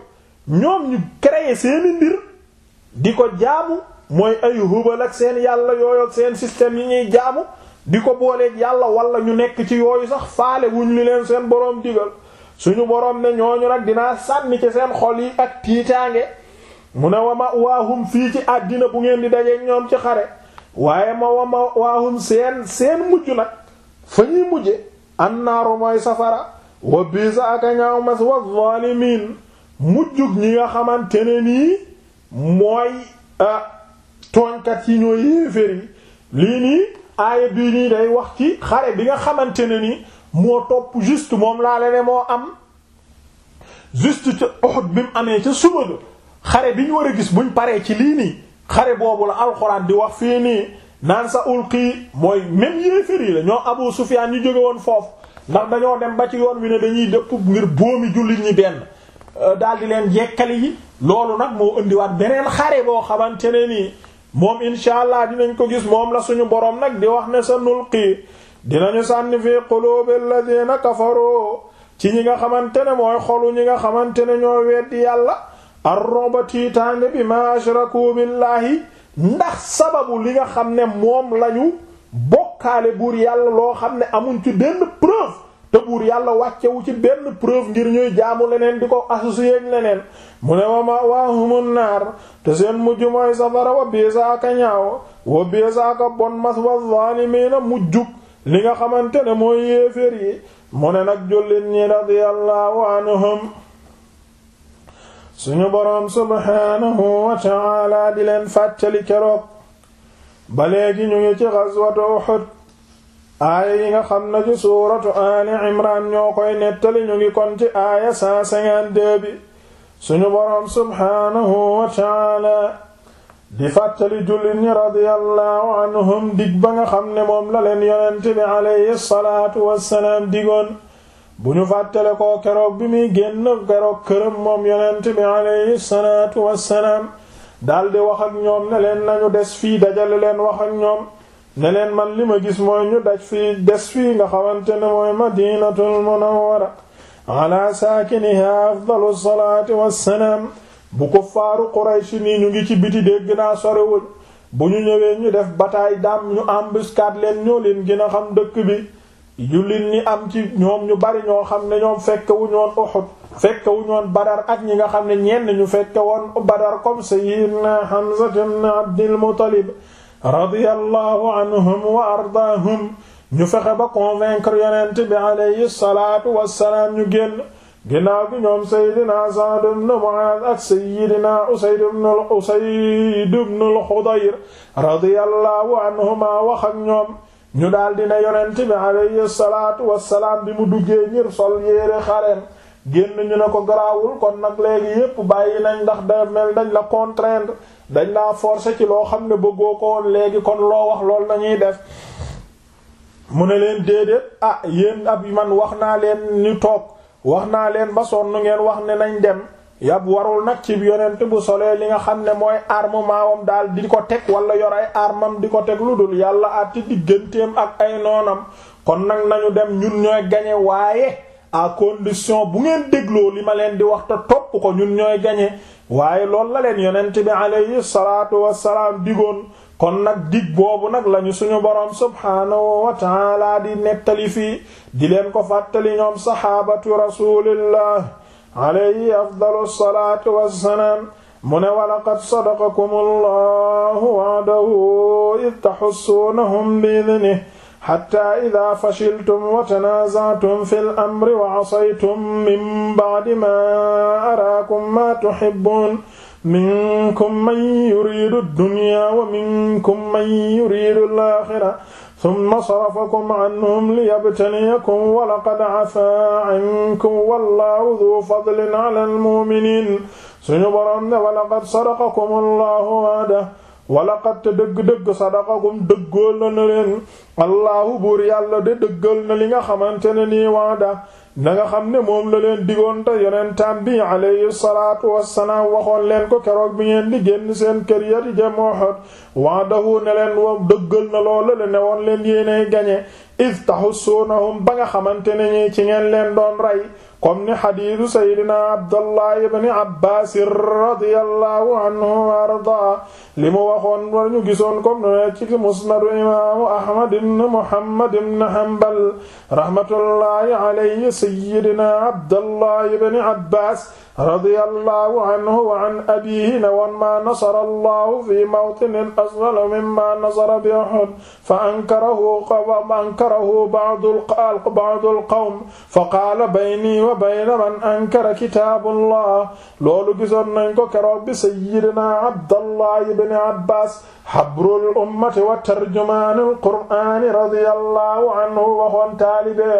ñoom ñu créer seeni mbir di ko jaamu mooy ay hubal ak seen yàlla yooyu ak seen système yi ñuy jaamu di ko booleeg yàlla wala ñu nekk ci yooyu sax faale wuñ li leen seen boroom digal suñu boroom ne ñooñu nag dinaa sànni ci seen xol yi ak tiitaange mu ne wa ma waahum fii ci àddina bu ngeen di dajeeg ñoom ci xare waaye ma wa ma waahum seen seen mujj nag fa ñuy mujje annaaru mooy safara wa bisa aka ñaaw mas wa zalimin mujjug ñi nga xamante ne nii mooy tooñkat yi ñoo yéefér yi lii nii aaya bii nii day wax ci xare bi nga xamante ne nii moo topp juste moom laa lee moo am juste ca Uhud bi mu amee ca suba ga xare bi ñu war a gis buñ paree ci lii nii xare boobu la alxuraan di wax fii nii naan sa ulqi mooy même yéefér yi la ñoo Abu Sufyaan ñu jóge woon foofu ndax dañoo dem ba ci yoon wi ne dañuy dëpp ngir boomi jullit ñi benn euh, daal di leen jekkali yi loolu nag moo indiwaat beneen xare boo xamante ne nii moom insha allah dinañ ko gis moom la suñu boroom nag di wax ne sa nulqi dinañu sànni fi qulubi alladhina kafaroo ci ñi nga xamante ne mooy xolu ñi nga xamante ne ñoo weddi yàlla arroba tiitaange bi ma ashraku billahi ndax sababu li nga xam ne moom lañu bokkaale buur yàlla loo xam ne amuñ ci benn preuve te buur yàlla wàccewu ci benn preuve ngir ñuy jaamu leneen di ko associé ak leneen mu ne ma ma waa humun naar te seen mujj mooy safara wa biisa aka ñaaw wa biisa aka bon mas wa zaalimiina li nga xamante ne mooy yéeféer yi mu ne nag jullit ñi radiyallahu anhum suñu boroom subhaanahu wa di leen fàttali keroog ba léegi ñu ngi ci xaswatu Uhud aaya yi nga xam na ci suuratu aali imran ñoo koy nettali ñu ngi kon ci aaya 152 bi suñu boroom subhaanahu wa di fàttali jullit ñi radiyallahu anhum dig ba nga xam ne moom la leen yonent bi alayhi salaatu wassalaam digoon bu ñu fàttale koo keroog bi muy génn keroog këram moom yonent bi alayhi salaatu wassalaam daldi wax ak ñoom ne leen nañu des fii dajale leen wax ak ñoom ne man li ma gis mooy ñu daj fii des fii nga xamante ne mooy madinatul munawwara ala saakiniha afdalu salaati wassalaam bu ko faaru Quraysh nii ñu ngi ci biti dégg naa sorewul bu ñu ñëwee ñu def bataille daam ñu embuscade leen ñoo leen xam dëkk bi jullit ñi am ci ñoom ñu bari ñoo xam ne ñoom fekke wu ñoon Uhud fekke wu ñoon Badar ak ñi nga xam ne ñenn ñu fekke woon Badar kom sayyidina Hamza ibn Abdul Muttalib radiyallahu anhum wa ardaahum ñu fexe ba convaincre yonent bi alayhi salaatu wassalaam ñu génn ginnaaw bi ñoom sayyidina Sa'd ibn Mu'adh ak sayyidina Usayd ibn Usayd ibn al-Khudayr radiyallahu anhuma wax ñoom ñu daal na yonent bi alayhi salaatu wassalaam bi mu duggee ñir sol yéere xareem génn ñu ne ko garaawul kon nag léegi yépp bàyyi nañ ndax da mel dañ la contraindre dañ la forcer ci loo xam ne bëggoo ko woon léegi kon loo wax lool nañuy def mu ne leen déedéet ah yéen ab man wax naa leen ñu toog wax naa leen ba sonn ngeen wax ne nañ dem yab warul nag ci yonent bu solee li nga xam ne mooy armement wam daal di ko teg wala yor ay armam di ko teg lu dul yàlla àtti digganteem ak ay noonam kon nag nañu dem ñun ñooy gañe waaye à condition bu ngeen dégloo li ma leen di wax te topp ko ñun ñooy gañe waaye loolu la leen yonent bi alayhi salaatu wassalaam digoon kon nag dig boobu nag lañu suñu boroom subhaanahu wa taala di nettali fii di leen ko fàttali ñoom saxaabatu rasulillah alayhi afdalu salaatu wassalaam mu ne walaqad sadaqakum allahu wa'dahu id taxussuunahum biidnihi xatta ida fashiltum wa tanaazatum fi l amri wa asaytum min bacdi maa araakum maa tuxibbuun minkum man yuriidu dunya wa minkum man yuriidu l-aaxira summa sarafakum anhum liyabtaliyakum wa laqad afaa ankum wallaahu duu fadlin alal mu'miniin suñu boroom ne wa laqad sadaqakum allaahu wa'dahu wala xat dëgg-dëgg sadaqakum dëggoo na na leen allahu buur yàlla de dëggal na li nga xamante ne nii waada na nga xam ne moom la leen digoon te yonentaan bi alayhi salaatu wassalaam waxoon leen ko keroog bi ngeen di génn seen kër ya di jëm Uhud waadahu ne leen wa dëggal na loola le ne woon leen yéenay gañe iz tahussunahum ba nga xamante ne ñi ci ngeen leen doon rey comme ni xadiisu saydina abdallah ibni abbas radiyallahu anhu wa arda li mu waxoon war ñu gisoon comme nu ne ci musnadu imaamu ahmad ibn muhammad ibn hanbal rahmatullahi alayhi sayyidina abdallah ibni abbas radiyallahu anhu wa an abiihi na woon maa nasara allahu fi mawtinin asghar mimma nasara bi uhud fa ankarahu fa ankarahu ba'du al qawm fa qaala bayni wa a man ankara kitaabullah loolu gisoon nañ ko keroog bi sayyidina abdallah ibn abbas habrul ummati wa tarjumaanul qur'aani radiyallahu anhu waxoon taalibe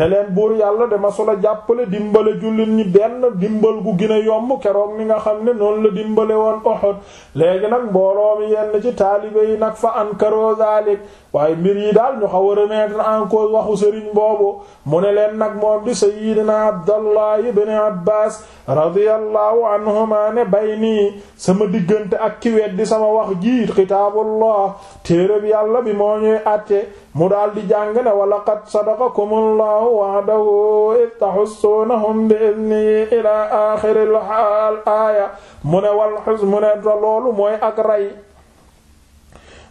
ne leen buur yàlla dama sula jàppale dimbale jullit ñi benn gu gën a yomb keroog mi nga xam ne noonu la dimbale woon Uhud léegi nag mbooloo mi yenn ci taalibe yi nag fa ankaru zaalik waay mbir yi daal ñu xaw a remettre en cause waxu sëriñ boobu mu ne leen nag moom di sayyidina abdallah ibn abbas radiyallahu anhuma ne bay nii sama diggante ak ki weddi sama wax ji kitaabullah téereb yàlla bi moo ñuy àtte mu daal di jàng ne wa laqad sadaqakumullahu wa'dahu id tahussunahum bi idnihi ila axiril aaya mu ne wal hus mu ne loolu mooy ak ray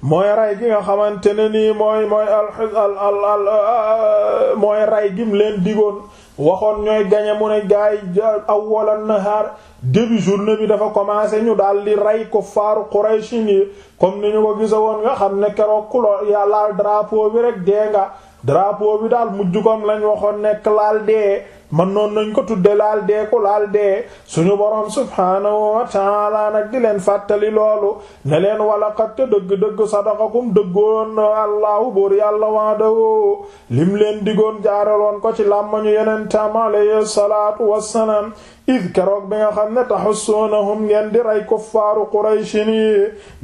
mooy rey gi nga xamante ne nii mooy mooy al al al euh, mooy rey gim leen digoon waxoon ñooy gañe mu ne gaay awwalan nahaar début journée bi dafa commencé ñu daal di rey ko faaru Quraysh yi comme ni ñu ko gisa woon nga xam ne keroog ku la yàlla drapeau bi rek dee nga drapeau bi daal mujj kom lañ waxoon nekk laal dee man noonu nañ ko tudde laal dee ku laal dee suñu boroom subhaanahu wa ta'ala di leen fàttali loolu ne leen walaqat te dëgg-dëgg sadaqakum dëggoon allahu buur yàlla wa'dahu lim leen digoon jaaraloon ko ci ñu yeneen tam alayhi salaatu wassalaam id keroog bi nga xam ne taxussuunahum ngeen di rey kuffaaru quraychin yi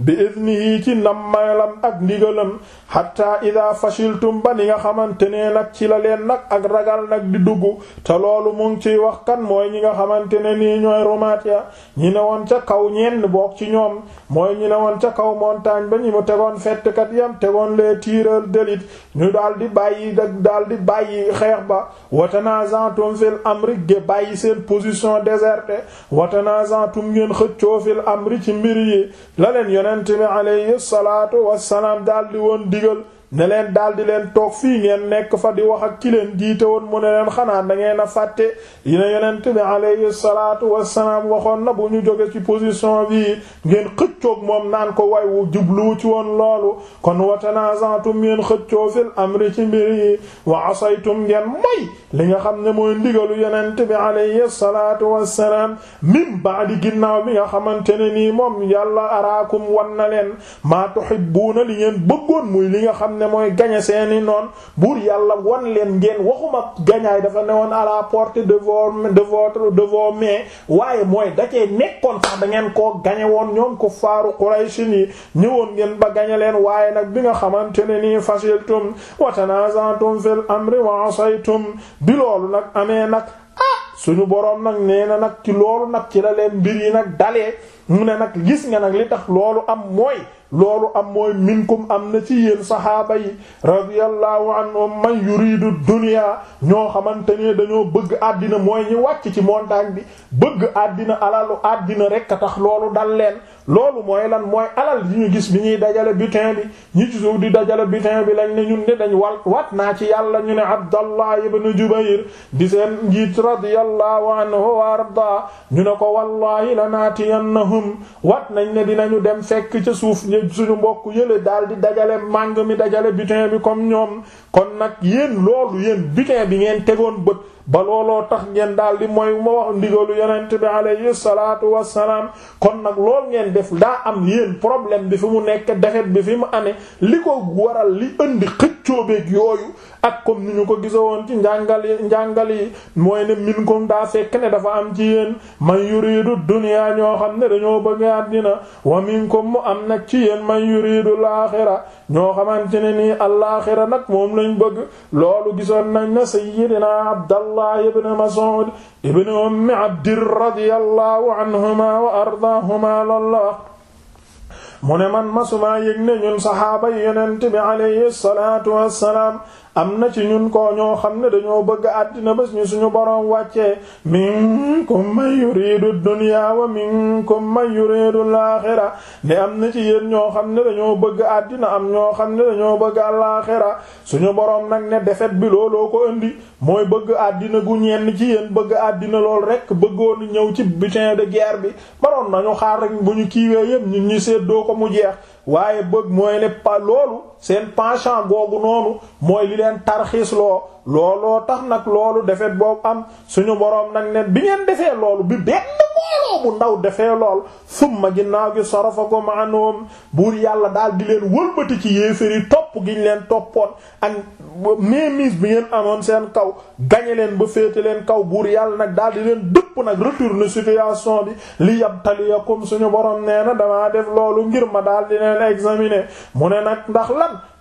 bi idnihi ci nammalam ak ndigalam hatta ida fashiltum ba ni nga xamante ne nag ci la leen nag ak ragal nag di dugg te loolu mu ngi ciy wax kan mooy ñi nga xamante ne nii ñooy rumaat ya ñi ne woon ca kaw ñenn bokk ci ñoom mooy ñi ne woon ca kaw montagne ba ñi mu tegoon fettkat yam tegoon les tireurs d'élite ñu daal di bàyyi daal di bàyyi xeex ba wa tanazantum fil amri ge bàyyi dañoo déserté wa tanaazatum ngeen xëccoo fil amri ci mbir yi la leen yonent bi alayhi salaatu wassalaam daldi woon digal ne leen daal di leen toog fii ngeen nekk fa di wax ak ki leen jiite woon mu ne leen xanaa da ngeen a fàtte yina yonent bi alayhi salaatu wassalaam waxoon na bu ñu jóge ci position bi ngeen xëccoog moom naan ko way wu jublu ci woon loolu kon wa tanaza'tum ngeen xëccoo fil amri ci mbir yi wa asaytum ngeen moy li nga xam ne mooy ndigalu yonent bi alayhi salaatu wassalaam min ba'di ginnaaw bi nga xamante ne nii moom yàlla araakum wan na leen maa tuhibbuuna ne mooy gañe seeni noon buur yàlla wan leen ngeen waxuma gañaay dafa newoon à la portée de votre de votre de vos mains waaye mooy da cee nekkoon sax da ngeen koo gañe woon ñoom ko faaru Quraysh yi ñëwoon ngeen ba gañe leen waaye nag bi nga xamante ne nii fashiltum wa tanaza'tum fil amri wa asaytum bi loolu nag amee nag ah, suñu boroom nag nee na nag ci loolu nag ci la leen mbir yi nag dalee mu ne nag gis nga nag li tax loolu am mooy loolu am mooy minkum am na ci yéen saxaaba yi radiyallahu anhum man yuridu dunya ñoo xamante ne dañoo bëgg àddina mooy ñi wàcc ci montagne bi bëgg àddina alalu àddina rek a tax loolu dal leen loolu mooy lan mooy alal yi ñu gis bi ñuy dajale butin bi ñi ci suuf di dajale butin bi lañ ne ñun ne dañ wal wat naa ci yàlla ñu ne Abdallah ibn Jubayr di seen njiit radiyallahu anhu wa arda ñu ne ko wallahi lanaatiyannahum wat nañ ne dinañu dem fekk ca suuf ñë suñu mbokk yële daal di dajale màng mi dajale butin bi comme ñoom kon nag yéen loolu yéen butin bi ngeen tegoon bët ba looloo tax ngeen daal di mooy ma wax ndigalu yonent bi alayhi salaatu wassalaam kon nag lool ngeen def daa am yéen problème bi fi mu nekk defet bi fi mu amee li ko waral li indi xëccoo beeg yooyu ak comme ni ñu ko gisawoon ci njàngal yi njàngal yi mooy ne min kom daa fekk ne dafa am ci yéen man yuriidu dunya ñoo xam ne dañoo bëgg àddina wa minkum mu am nag ci yéen man yuriidu laaxira ñoo xamante ne nii alaaxira nag moom lañ bëgg loolu gisoon nañ na sayyidina Abdallah ibn Mas'ud ibn Ummi Abd radiyallahu anhuma wa ardaahuma lillah mu ne man masumaa yëg ne ñun saxaaba yi yonent bi alayhi salaatu wassalaam am na ci ñun ko ñoo xam ne dañoo bëgg àddina bés ñu suñu boroom wàccee minkum man yuridu dunya wa minkum man yuridu al-akhirah ne am na ci yéen ñoo xam ne dañoo bëgg àddina am ñoo xam ne dañoo bëgg al-akhirah suñu boroom nag ne defet bi looloo ko indi mooy bëgg àddina gu ñenn ci yéen bëgg àddina lool rek bëggoon ñëw ci butin de guerre bi baroon nañu xaar rek bu ñu kiiwee yépp ñun ñu seddoo ko mu jeex waaye bëgg mooy ne pa loolu seen penchant googu noonu mooy li leen tarxiis loo looloo tax nag loolu defet boobu am suñu boroom nag ne bi ngeen defee loolu bi benn mbooloo bu ndaw defee lool summa ginnaaw gi sarafakum anhum buur yàlla daal di leen wëlbati ci yéeféri topp giñ leen toppoon ak mainmise bi ngeen amoon seen kaw gañe leen ba féete leen kaw buur yàlla nag daal di leen dëpp nag retourner situation bi li yabtaliyakum suñu boroom nee na damaa def loolu ngir ma daal di leen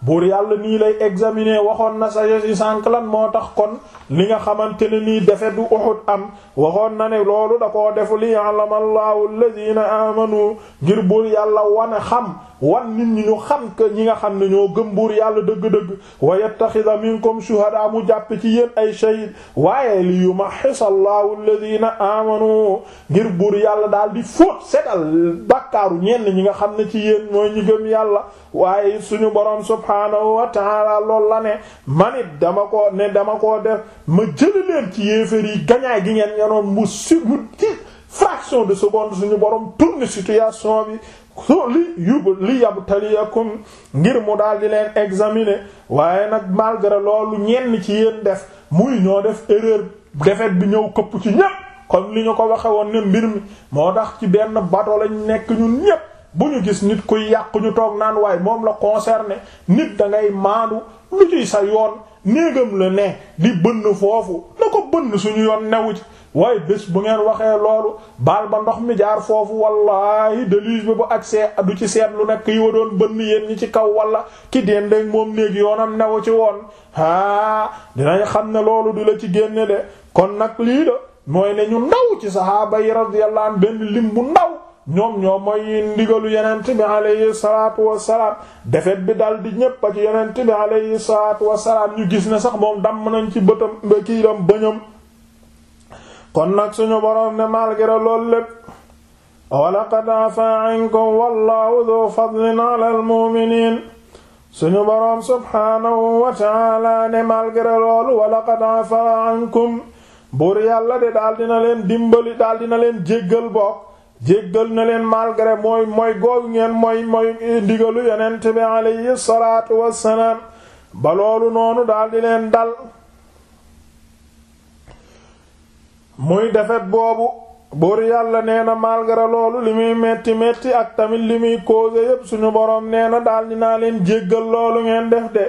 buur yàlla nii lay examiner waxoon na sa yi sànq lan moo tax kon li nga xamante ne nii defe du Uhud am waxoon na ne loolu da koo def li ya'lamallahu alladhina amanu ngir buur yàlla wane xam wan nit ñi ñu xam que ñi nga xam ne ñoo gëm buur yàlla dëgg-dëgg wa yattaxida minkum shuhada mu jàpp ci yéen ay shahid waaye li yu ma yumahhisa allahu alladhina amanu ngir buur yàlla daal di fóot setal bakkaaru ñenn ñi nga xam ne ci yéen mooy ñi gëm yàlla waaye suñu borom subhaanahu wa ta'ala lool la ne manit dama ko ne dama ko def ma jëli leen ci yéeféer yi gañaay gi ngeen ñanoon mu si mu ci fraction de seconde suñu borom tourne situation bi su li yub li yabtaliyakum ngir mu daal di leen examiner waaye nag malgré loolu ñenn ci yéen def muy ñoo def erreur defet bi ñëw këpp ci ñépp comme li ñu ko waxe woon ne mbir mi moo tax ci benn bato lañ nekk ñun ñëpp bu ñu gis nit kuy yàq ñu toog naan waaye moom la concerné nit dangay ngay maandu lu sa yoon néegam la ne di bënn foofu na ko bënn suñu yoon newu ci waaye bés bu ngeen waxee loolu baal ba ndox mi jaar foofu wallahi déluge bi bu agsee du ci seetlu nekk yi wa doon bënn yéen ci kaw wala ki dendeeg moom néegi yoonam newu ci woon haa dinañ xam ne loolu du la ci génne de kon nag lii la mooy ne ñu ndaw ci sahaaba yi radiyallahu anhu benn lim bu ndaw ñoom ñoom mooy ndigalu yonent bi alayhi salaatu wassalaam defet bi daldi di ñépp yeneen ci yonent bi alayhi salaatu wassalaam ñu gis ne sax moom damm nañ ci bëtam kii dam bëñam kon nag suñu boroom ne malgré loolu lépp walaqad afa ankum wallahu dhu fadlin ala almu'minin suñu boroom subhaanahu wa ta'ala ne malgré loolu walaqad afa ankum buur yàlla de daal dina leen dimbali daal dina leen jéggal bokk jéggal na leen malgré mooy mooy googu ngeen mooy mooy ndigalu yeneen bi alayhi salaatu wassalaam ba loolu noonu daldi leen dal muy defet boobu buur yàlla nee na malgré loolu li muy metti metti ak tamit li muy cause yépp suñu boroom nee na daldi naa leen jéggal loolu ngeen def de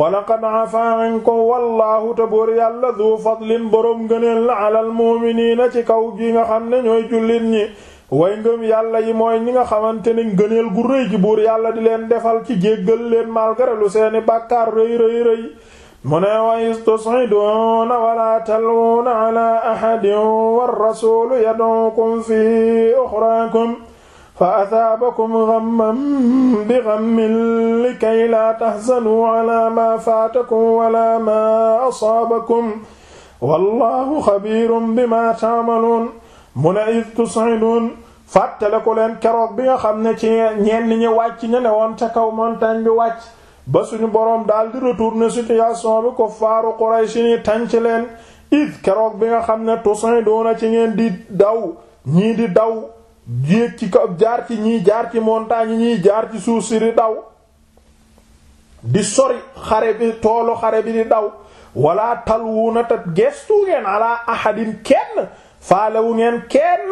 walaqad afaa ankum wallaahu te buur yàlla du fadlin boroom gëneel la alal mu'miniina ci kaw gi nga xam ne ñooy jullit ñi way ngëm yàlla yi mooy ñi nga xamante ne ngëneel gu buur yàlla di leen defal ci jéggal leen malgré lu seeni bàkkaar rëy rëy rëy mu ne wa istus'iduuna wala talwuuna ala ahadin war rasuulu fi uxraakum fa asaabakum ghamman bi ghammin likay laa tahzanu ala ma faatakum wala ma bima ta'maluun mu ne id tus'idun fàttale ko leen keroog bi nga xam ne ci ñenn ñi wàcc ña ne woon ca kaw montagne bi wàcc ba suñu boroom daal di retourner situation bi ko faaru Quraysh ni tànc leen id keroog bi nga xam ne tus'iduna ci ngeen di daw ñii di daw yéeg ci jaar ci ñii jaar ci montagne ñii jaar ci suuf si di daw di sori xare bi toolu xare bi di daw wala talwuna ta gestu ngeen ala ahadin kenn wu ngeen kenn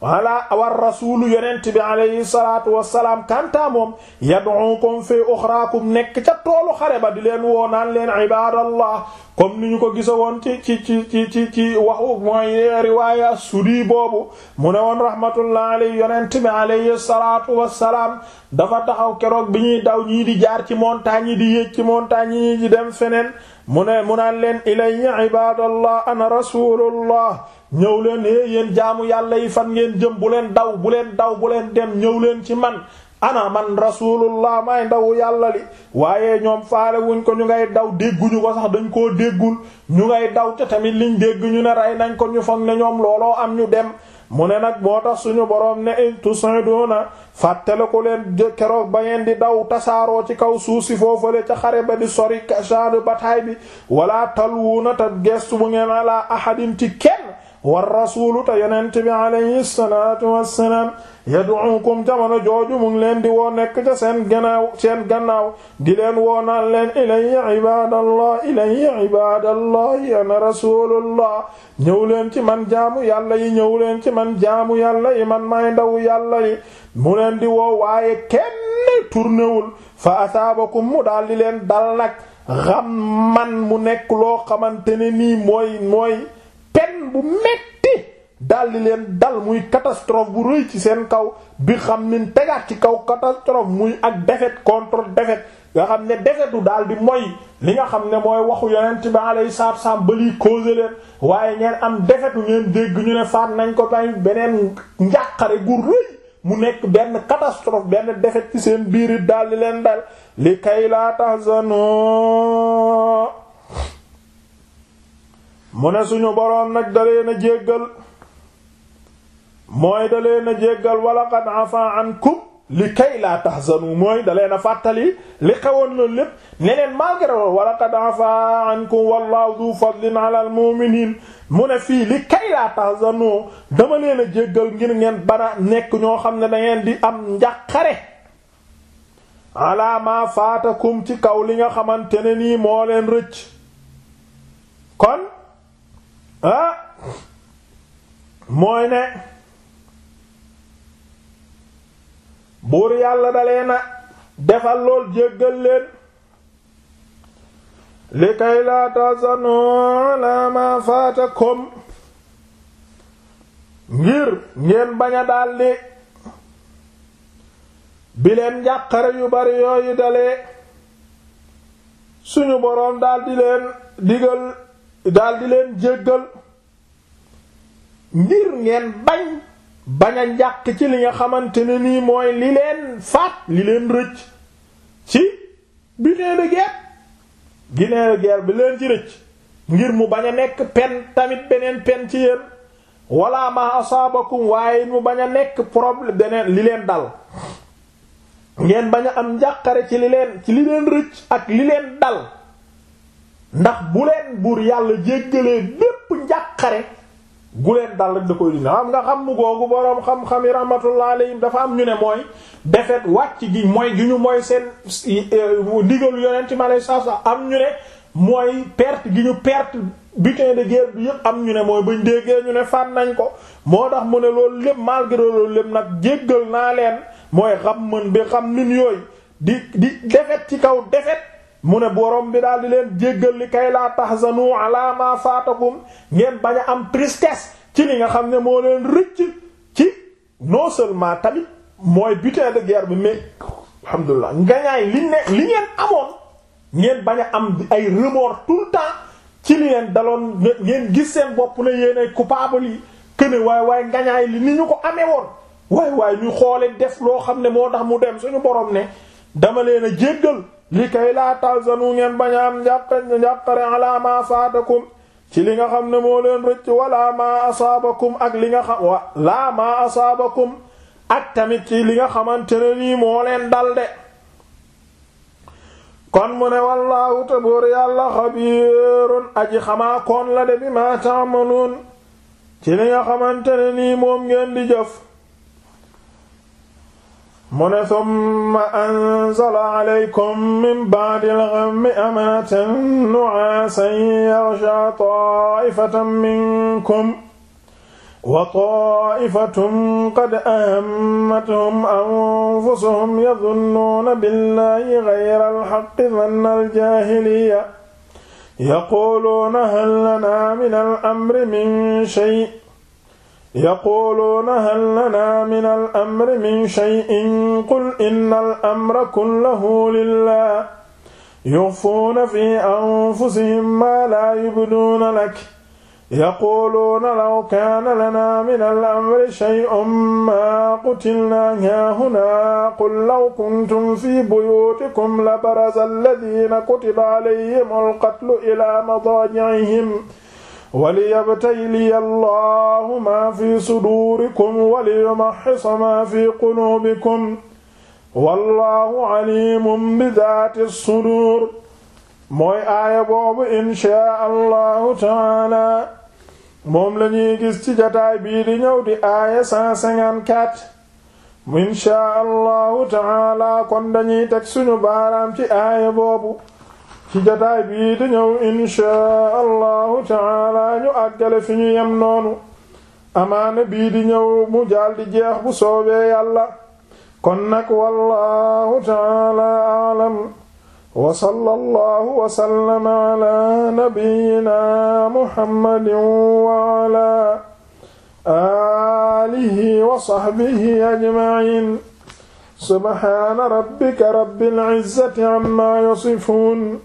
wala war rasulu yonent bi alayhi salatu wasalaam kanta moom yad'ukum fi uxraakum nekk ca toolu xare ba di leen woo naan leen ibadallah comme ni ñu ko gisa woon ci ci ci ci ci ci waxu mooy riwaaya sudi boobu mu ne woon rahmatullah alayhi yonent bi alayhi salatu wasalaam dafa taxaw keroog bi ñuy daw ñii di jaar ci montagne yi di yéeg ci montagne yi di dem feneen mu ne mu naan leen ilayya ibadallah ana rasulullah ñëw leen é eh, yéen jaamu yàlla yi fan ngeen jëm bu leen daw bu leen daw bu leen dem ñëw leen ci man ana man rasulullah may ndawu yàlla li waaye ñoom faale wuñ ko ñu ngay daw dégguñu ko sax dañ koo déggul ñu ngay daw ca tamit liñ dégg ñu ne nañ ko ñu foog ne ñoom looloo am ñu dem mu ne nag moo tax suñu borom ne in tusiduna ko leen keroog ba ngeen di daw tasaaroo ci kaw suuf si foofale ca xare ba di sori champ de bataille bi wala talwuna ta gestu bu war rasuulu te yonent bi alayhi salaatu wassalaam yad'ukum jamono jooju mu ngi leen di woo nekk ca seen gannaaw seen gannaaw di leen woo naan leen ilayya ibaadallah ilayya ibaadallah ana rasulullah ñëw leen ci man jaamu yàlla yi ñëw leen ci man jaamu yàlla yi man may ndaw yàlla yi mu leen di woo waaye kenn turnewul fa asaabakum mu daal di leen dal nag man mu nekk loo xamante ne nii mooy mooy fen bu metti daldi leen dal muy catastrophe bu rëy ci seen kaw bi xam nin tegaat ci kaw catastrophe muy ak défaite contre defet nga xam ne defetu daal di mooy li nga xam ne mooy waxu yonent bi alayhi salaatu salaam ba liy causé leen waaye ngeen am defetu ngeen dégg ñu ne faat nañ ko bañ beneen njàqare gu rëy mu nekk benn catastrophe benn defet ci seen biir it daal leen dal li kay laa tahzanu mu ne suñu boroom nag da leen a jéggal mooy da leen a jéggal wala qad afa ankum li kay laa tahzanu mooy da leen fàttali li xewoon loolu lépp ne leen malgré loolu wala qad afa ankum du fadlin ala al mu ne fii li kay laa tahzanu dama leen a jéggal ngir ngeen bana nekk ñoo xam ne dangeen di am njàqare ala ma faatakum ci kaw li nga xamante ne nii moo leen rëcc kon ah mooy ne buur yàlla dalee na defal lool jéggal leen li kay laa tasano la ma faatakum ngir ngeen bañ a daldi bi leen njàqare yu bari yooyu dalee suñu boroom daldi leen digal daldi leen jéggal ngir ngeen bañ bañ a njàq ci li nga xamante ne nii mooy li leen faat li leen rëcc ci butin de guerre butin bi leen ci rëcc ngir mu bañ a nekk pen tamit beneen pen ci yéen wala ma asaabakum waaye mu bañ a nekk problème beneen li leen dal ngeen bañ a am njàqare ci li leen ci li leen rëcc ak li leen dal ndax bu leen buur yàlla jéggalee bépp njàqare gu leen dal rek da koy dindi xam nga xam mu googu boroom xam-xam yi rahmatullah alayhim dafa am ñu ne mooy defet wàcc gi mooy gi ñu mooy seen euh, ndigalu yonent ci alayhi salaatu salaam am ñu ne mooy perte gi ñu perte butin de guerre bi yëpp am ñu ne mooy bañ déggee ñu ne fànn nañ ko moo tax mu ne loolu lépp malgré loolu lépp nag jéggal naa leen mooy xam mën bi xam nin yooyu di di defet ci kaw defet mu ne borom bi daal di leen jéggal li kay laa tahzanu ala ma faatakum ngeen bañ a am tristesse ci li nga xam ne moo leen rëcc ci non seulement tamit mooy butin de guerre bi mais alhamdulilah ngañaay li ne li ngeen amoon ngeen bañ a am ay remords tout le temps ci li leen daloon ngeen gis seen bopp na yéen ay coupable yi këne waaye waaye ngañaay li ni ñu ko amee woon waaye waaye ñu xoole def loo xam ne moo tax mu dem suñu borom ne dama leen a jéggal li kay laa tahzanu ngeen bañ a am njàq njàqare ala ma faatakum ci li nga xam ne moo leen rëcc wala ma asaabakum ak li nga xam wa laa ma asaabakum ak tamit ci li nga xamante ne nii moo leen dal kon mu ne wallaahu tabor yàlla xabiirun aji xamaa koon la de bi ma ta'malun ci li nga xamante ne nii moom ngeen di jëf mu ne summa anzala alaykum min ba'di al-ghammi amaatan nu'aasan yaghshaa taa'ifatan minkum wa taa'ifatun qad ahammatuhum anfusuhum yadhunnuuna billaahi ghayra al-haqqi dhanna al-jaahiliyya yaquuluuna hal lanaa mina al-amri min shay' yaquluuna hal lanaa min al amri min shay'in qul inna al amra kullahu lillah yuxfuuna fi anfusihim maa laa yubduuna lak yaquluuna law kaana lanaa min al amri shay'un maa qutilnaa haahunaa qul law kuntum fii buyuutikum labaraza alladiina kutiba alayhimul qatlu ilaa madaaji'ihim waliyabtayli allahu ma fi sudurikum waliyumahhisa ma fi qulubikum wallahu alimun bi daati sudur mooy aaya boobu inchaa allahu taala moom la ñuy gis ci jataay bii di ñëw di aaya 154 inchaa allahu taala kon dañuy teg suñu baaraam ci boobu ci jotaay bii di ñëw inchaa allahu taala ñu àggale fi ñu yem noonu amaana bii di ñëw mu jaaldi jeex bu soobee yàlla kon nag wallahu taala aalam wa sallallahu wa sallama ala nabiyyina muhammadin wa ala alihi wa sahbihi ajma'in subhana rabbika rabbil izzati amma yasifun